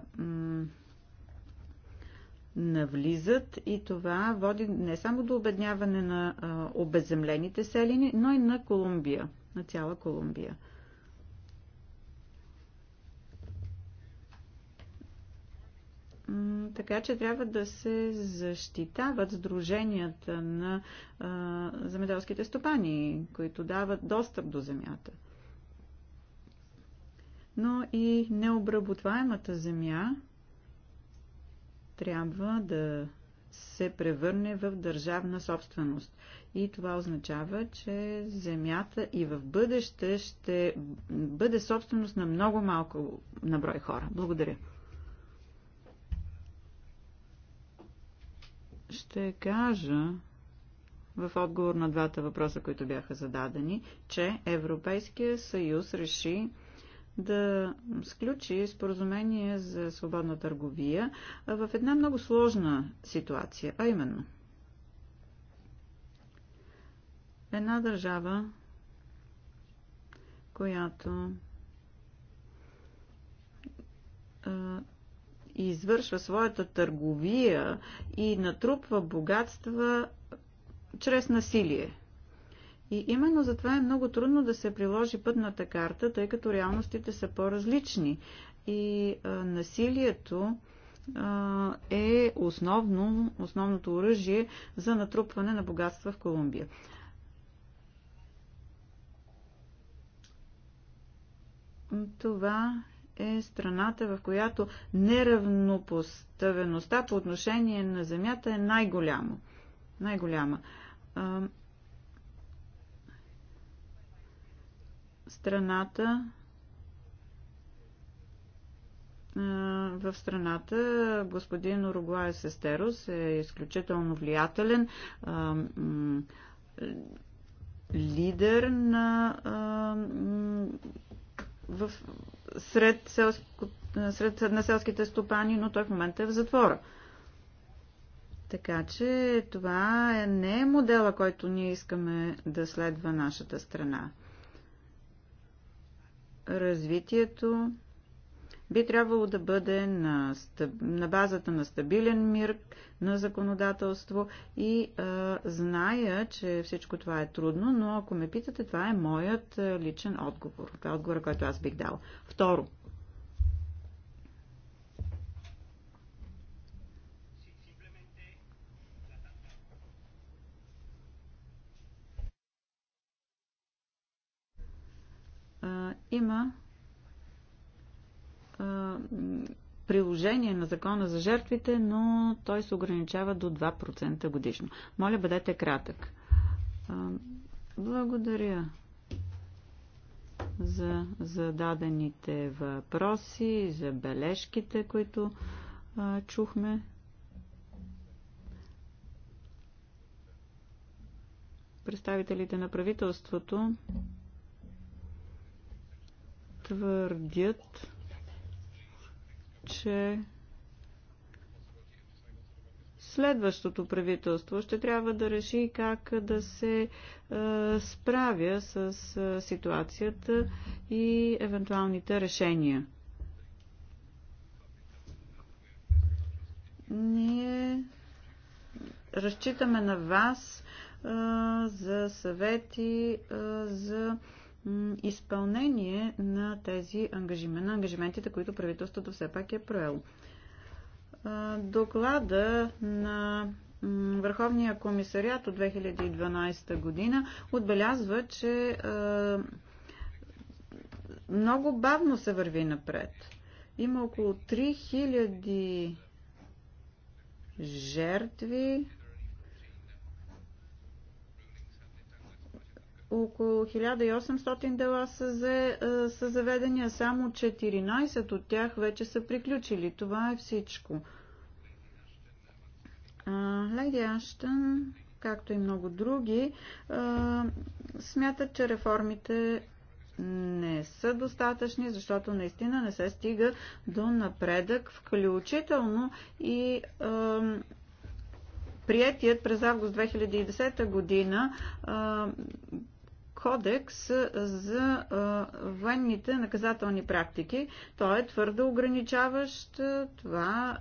навлизат и това води не само до обедняване на а, обеземлените селени, но и на Колумбия, на цяла Колумбия. Така че трябва да се защитават сдруженията на земеделските стопани, които дават достъп до земята. Но и необработваемата земя трябва да се превърне в държавна собственост. И това означава, че земята и в бъдеще ще бъде собственост на много малко наброй хора. Благодаря. ще кажа в отговор на двата въпроса, които бяха зададени, че Европейския съюз реши да сключи споразумение за свободна търговия в една много сложна ситуация, а именно една държава, която и извършва своята търговия и натрупва богатства чрез насилие. И именно затова е много трудно да се приложи пътната карта, тъй като реалностите са по-различни. И а, насилието а, е основно, основното оръжие за натрупване на богатства в Колумбия. Това е страната, в която неравнопоставеността по отношение на земята е най-голямо. Най-голяма. Страната в страната господин Уругуай Сестерос е изключително влиятелен лидер на в сред, селско, сред на селските стопани, но той в момента е в затвора. Така че това е, не е модела, който ние искаме да следва нашата страна. Развитието би трябвало да бъде на, стъб... на базата на стабилен мир, на законодателство и а, зная, че всичко това е трудно, но ако ме питате, това е моят личен отговор. Това е отговор, който аз бих дал. Второ. има приложение на закона за жертвите, но той се ограничава до 2% годишно. Моля, бъдете кратък. Благодаря за зададените въпроси, за бележките, които а, чухме. Представителите на правителството твърдят, че следващото правителство ще трябва да реши как да се е, справя с е, ситуацията и евентуалните решения. Ние разчитаме на вас е, за съвети, е, за изпълнение на тези ангажименти, на ангажиментите, които правителството все пак е проело. Доклада на Върховния комисариат от 2012 година отбелязва, че много бавно се върви напред. Има около 3000 жертви около 1800 дела са, за, са заведени, а само 14 от тях вече са приключили. Това е всичко. Леди Аштън, както и много други, смятат, че реформите не са достатъчни, защото наистина не се стига до напредък, включително и приятият през август 2010 година кодекс за военните наказателни практики. Той е твърдо ограничаващ. Това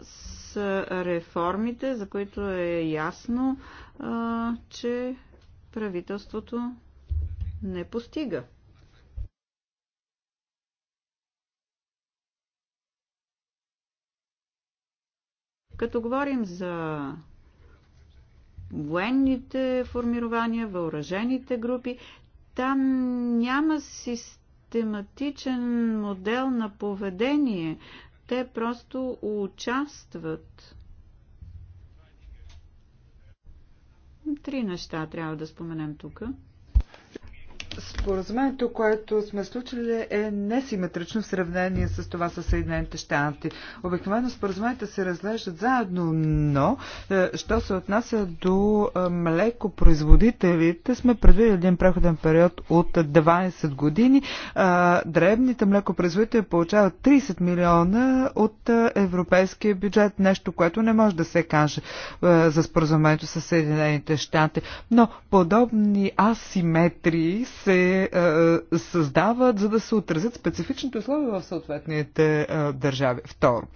с реформите, за които е ясно, че правителството не постига. Като говорим за военните формирования, въоръжените групи. Там няма систематичен модел на поведение. Те просто участват. Три неща трябва да споменем тук. Споразумението, което сме случили е несиметрично в сравнение с това с Съединените щати. Обикновено споразуменията се разглеждат заедно, но е, що се отнася до е, млекопроизводителите, сме предвидили един преходен период от 12 години. Е, дребните млекопроизводители получават 30 милиона от европейския бюджет, нещо, което не може да се каже за споразумението с Съединените щати. Но подобни асиметрии се се е, създават, за да се отразят специфичните условия в съответните е, държави. Второ,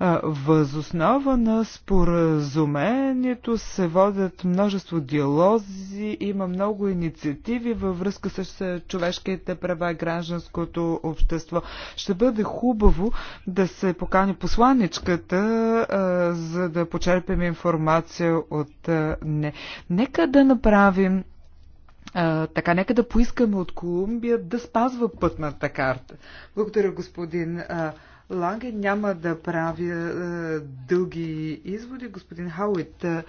е, възоснова на споразумението се водят множество диалози, има много инициативи във връзка с е, човешките права и гражданското общество. Ще бъде хубаво да се покани посланичката, е, за да почерпим информация от не. Нека да направим а, така, нека да поискаме от Колумбия да спазва пътната карта. Благодаря, господин а, Ланге. Няма да правя а, дълги изводи. Господин Хауит а,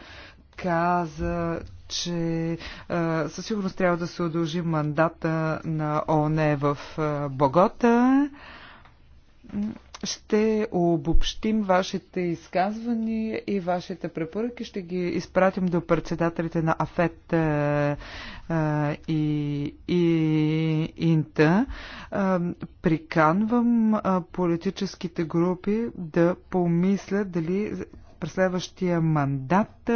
каза, че а, със сигурност трябва да се удължи мандата на ОНЕ в а, Богота ще обобщим вашите изказвания и вашите препоръки. Ще ги изпратим до председателите на АФЕТ е, е, и, и Инта. Е, приканвам политическите групи да помислят дали през следващия мандат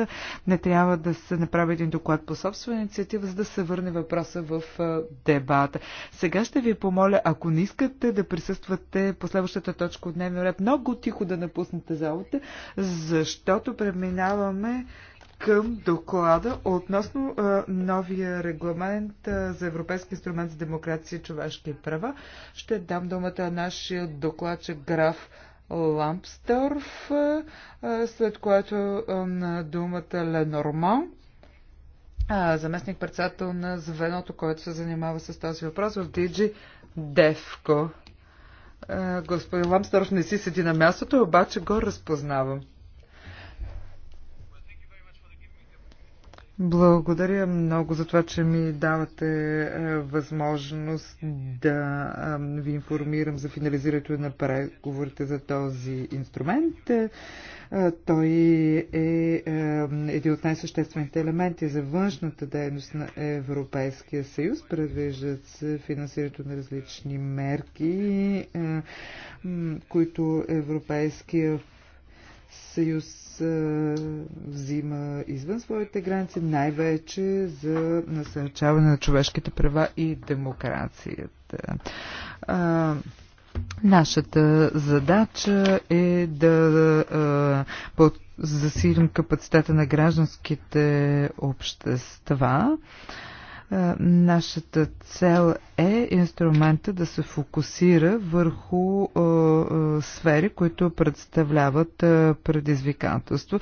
не трябва да се направи един доклад по собствена инициатива, за да се върне въпроса в дебата. Сега ще ви помоля, ако не искате да присъствате по следващата точка от дневния ред, много тихо да напуснете залата, защото преминаваме към доклада относно а, новия регламент а, за Европейски инструмент за демокрация и човешки права. Ще дам думата на нашия докладчик граф Лампстърф, след което на думата Ленорман, заместник-председател на звеното, което се занимава с този въпрос в Диджи Девко. Господин Ламстърф не си седи на мястото, обаче го разпознавам. Благодаря много за това, че ми давате е, възможност да ви информирам за финализирането на преговорите за този инструмент. Е, той е, е един от най-съществените елементи за външната дейност на Европейския съюз. Предвиждат се финансирането на различни мерки, които Европейския съюз взима извън своите граници, най-вече за насърчаване на човешките права и демокрацията. Нашата задача е да засилим капацитета на гражданските общества. А, е, нашата цел е инструмента да се фокусира върху е, е, сфери, които представляват предизвикателство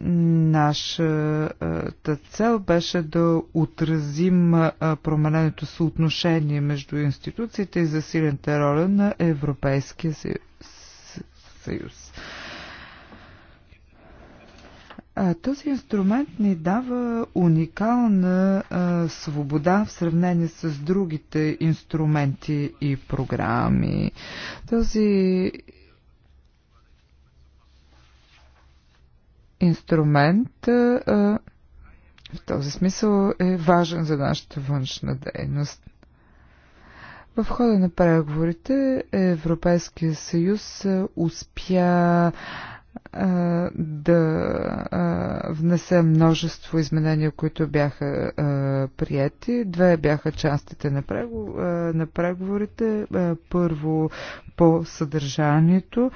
нашата цел беше да отразим промененото съотношение между институциите и засилената роля на Европейския съюз. Този инструмент ни дава уникална а, свобода в сравнение с другите инструменти и програми. Този инструмент а, в този смисъл е важен за нашата външна дейност. В хода на преговорите Европейския съюз успя да внесе множество изменения, които бяха прияти. Две бяха частите на преговорите. Първо по съдържанието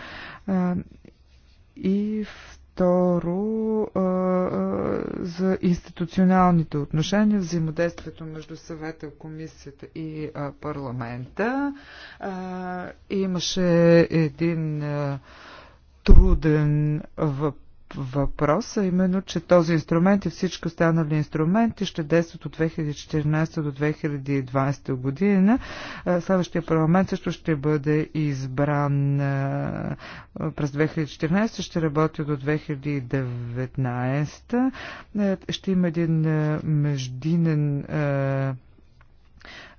и второ за институционалните отношения, взаимодействието между съвета, комисията и парламента. Имаше един труден въпрос, а именно, че този инструмент и всички останали инструменти ще действат от 2014 до 2020 година. Следващия парламент също ще бъде избран през 2014, ще работи до 2019. Ще има един междинен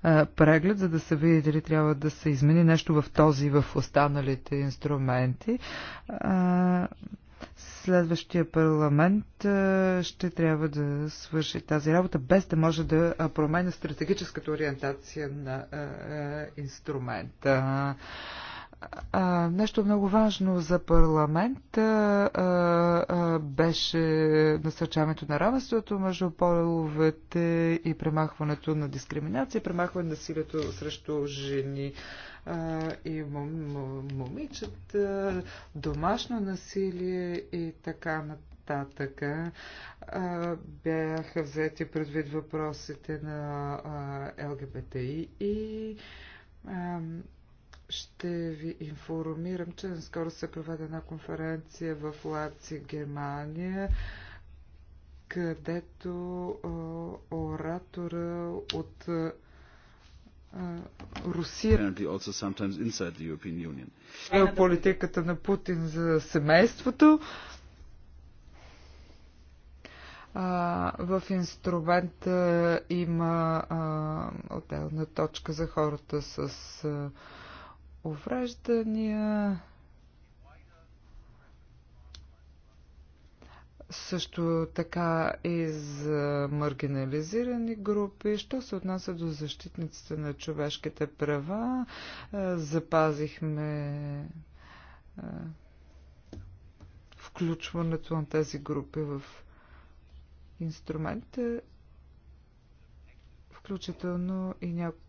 е, преглед, за да се види дали трябва да се измени нещо в този и в останалите инструменти. Е, следващия парламент е, ще трябва да свърши тази работа, без да може да променя стратегическата ориентация на инструмента а, нещо много важно за парламент а, а, беше насърчаването на равенството между половете и премахването на дискриминация, премахване на насилието срещу жени а, и момичета, домашно насилие и така нататък нататък бяха взети предвид въпросите на ЛГБТИ и ще ви информирам, че наскоро се проведе една конференция в Лаци, Германия, където оратора от Русия. Е политиката на Путин за семейството а, в инструмента има а, отделна точка за хората с а, увреждания, също така и за маргинализирани групи. Що се отнася до защитниците на човешките права, е, запазихме е, включването на тези групи в инструментите, включително и някои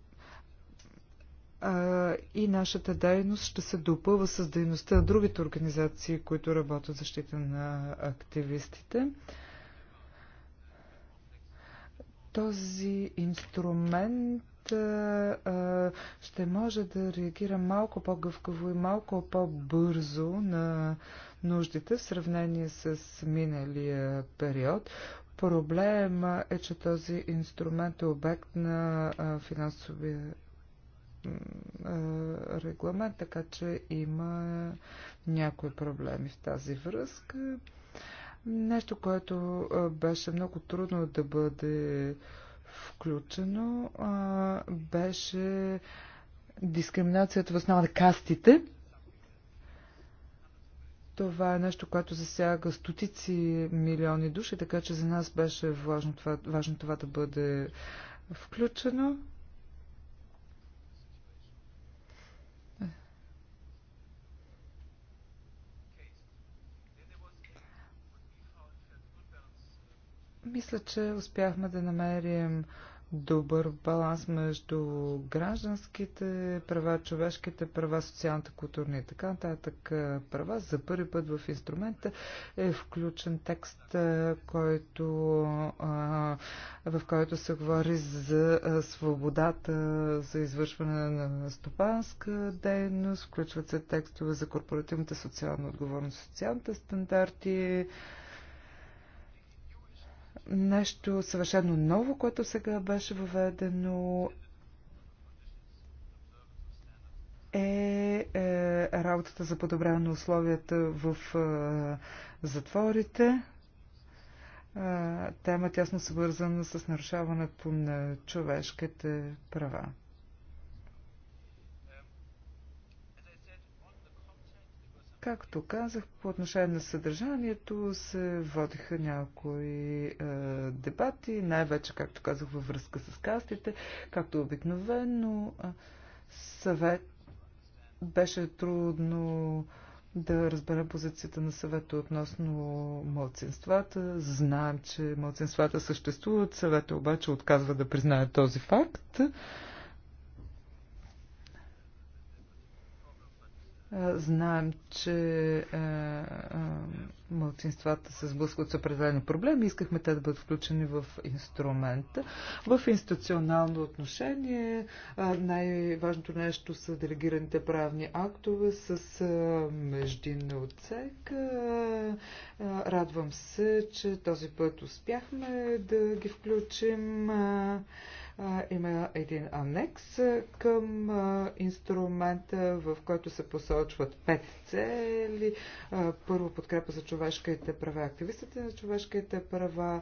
и нашата дейност ще се допълва с дейността на другите организации, които работят защита на активистите. Този инструмент ще може да реагира малко по-гъвкаво и малко по-бързо на нуждите в сравнение с миналия период. Проблема е, че този инструмент е обект на финансовия е, регламент, така че има някои проблеми в тази връзка. Нещо, което е, беше много трудно да бъде включено, е, беше дискриминацията в основа на кастите. Това е нещо, което засяга стотици милиони души, така че за нас беше важно това, важно това да бъде включено. Мисля, че успяхме да намерим добър баланс между гражданските права, човешките права, социалните, културни и така нататък права. За първи път в инструмента е включен текст, който, в който се говори за свободата за извършване на стопанска дейност, включват се текстове за корпоративната социална отговорност, социалните стандарти, нещо съвършено ново, което сега беше въведено е, е работата за подобряване на условията в е, затворите. Е, тема тясно свързана с нарушаването на човешките права. Както казах, по отношение на съдържанието се водиха някои е, дебати, най-вече, както казах, във връзка с кастите, както обикновено. Е, съвет беше трудно да разберем позицията на съвета относно младсинствата. Знаем, че младсинствата съществуват, съвета обаче отказва да признае този факт. Е, Знаем, че е, е, мълцинствата се сблъскват с определени проблеми. Искахме те да бъдат включени в инструмента. В институционално отношение е, най-важното нещо са делегираните правни актове с е, междинна Е, радвам се, че този път успяхме да ги включим. Е, има един анекс към инструмента, в който се посочват пет цели. Първо подкрепа за човешките права, активистите на човешките права,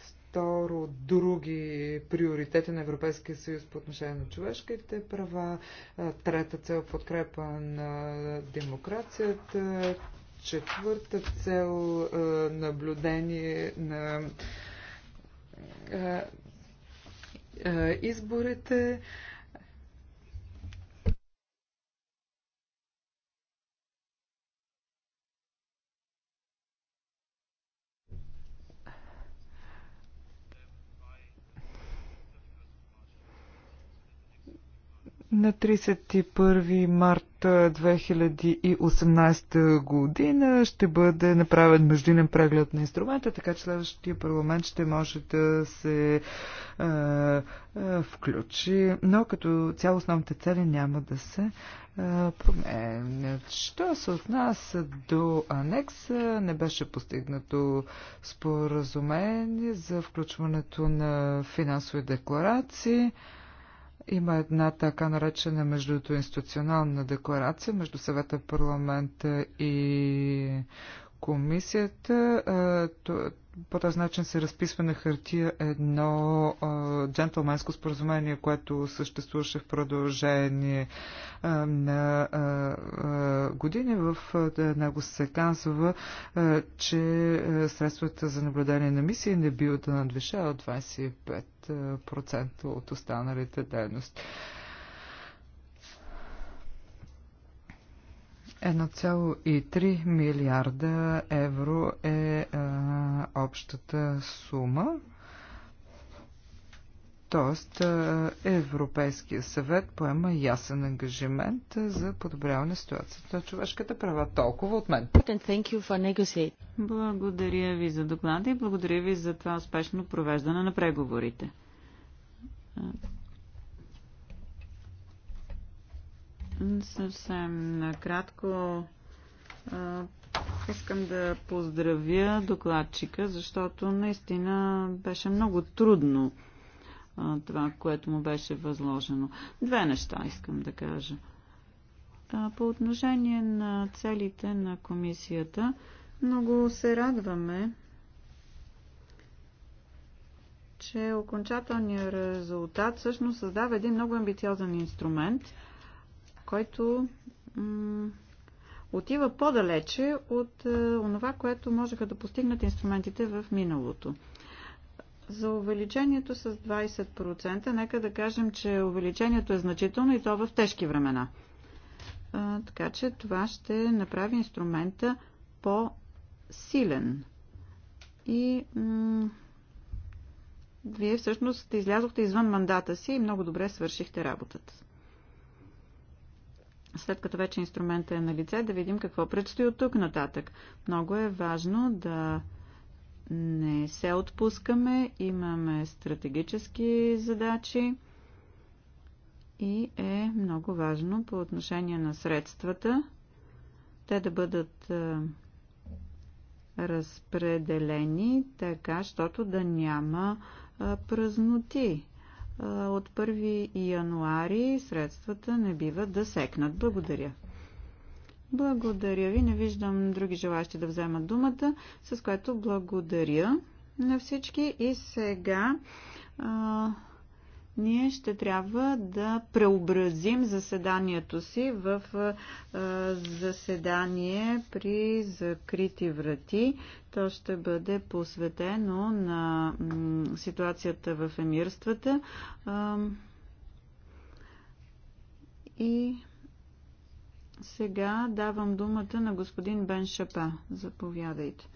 второ други приоритети на Европейския съюз по отношение на човешките права, трета цел подкрепа на демокрацията, четвърта цел наблюдение на изборите, На 31 март 2018 година ще бъде направен междинен преглед на инструмента, така че следващия парламент ще може да се е, е, включи, но като цяло основните цели няма да се е, променят. Що се отнася до анекса, не беше постигнато споразумение за включването на финансови декларации. Има една така наречена междуинституционална декларация между съвета, парламента и комисията. По този начин се разписва на хартия едно джентлменско споразумение, което съществуваше в продължение на години. В него се казва, че средствата за наблюдение на мисии не биват да надвишават 25 10% от останалите дейности. 1,3 милиарда евро е а, общата сума. Тоест, е, Европейския съвет поема ясен ангажимент е, за подобряване ситуацията на човешката права. Толкова от мен. Благодаря ви за доклада и благодаря ви за това успешно провеждане на преговорите. Съвсем накратко искам да поздравя докладчика, защото наистина беше много трудно това, което му беше възложено. Две неща искам да кажа. По отношение на целите на комисията, много се радваме, че окончателният резултат всъщност създава един много амбициозен инструмент, който отива по-далече от е, онова, което можеха да постигнат инструментите в миналото. За увеличението с 20%, нека да кажем, че увеличението е значително и то в тежки времена. А, така че това ще направи инструмента по-силен. И вие всъщност излязохте извън мандата си и много добре свършихте работата. След като вече инструмента е на лице, да видим какво предстои от тук нататък. Много е важно да не се отпускаме, имаме стратегически задачи и е много важно по отношение на средствата те да бъдат е, разпределени така, щото да няма е, празноти. Е, от 1 януари средствата не биват да секнат. Благодаря. Благодаря ви. Не виждам други желащи да вземат думата, с което благодаря на всички. И сега а, ние ще трябва да преобразим заседанието си в а, заседание при закрити врати. То ще бъде посветено на м, ситуацията в емирствата. А, и сега давам думата на господин Бен Шапа. Заповядайте.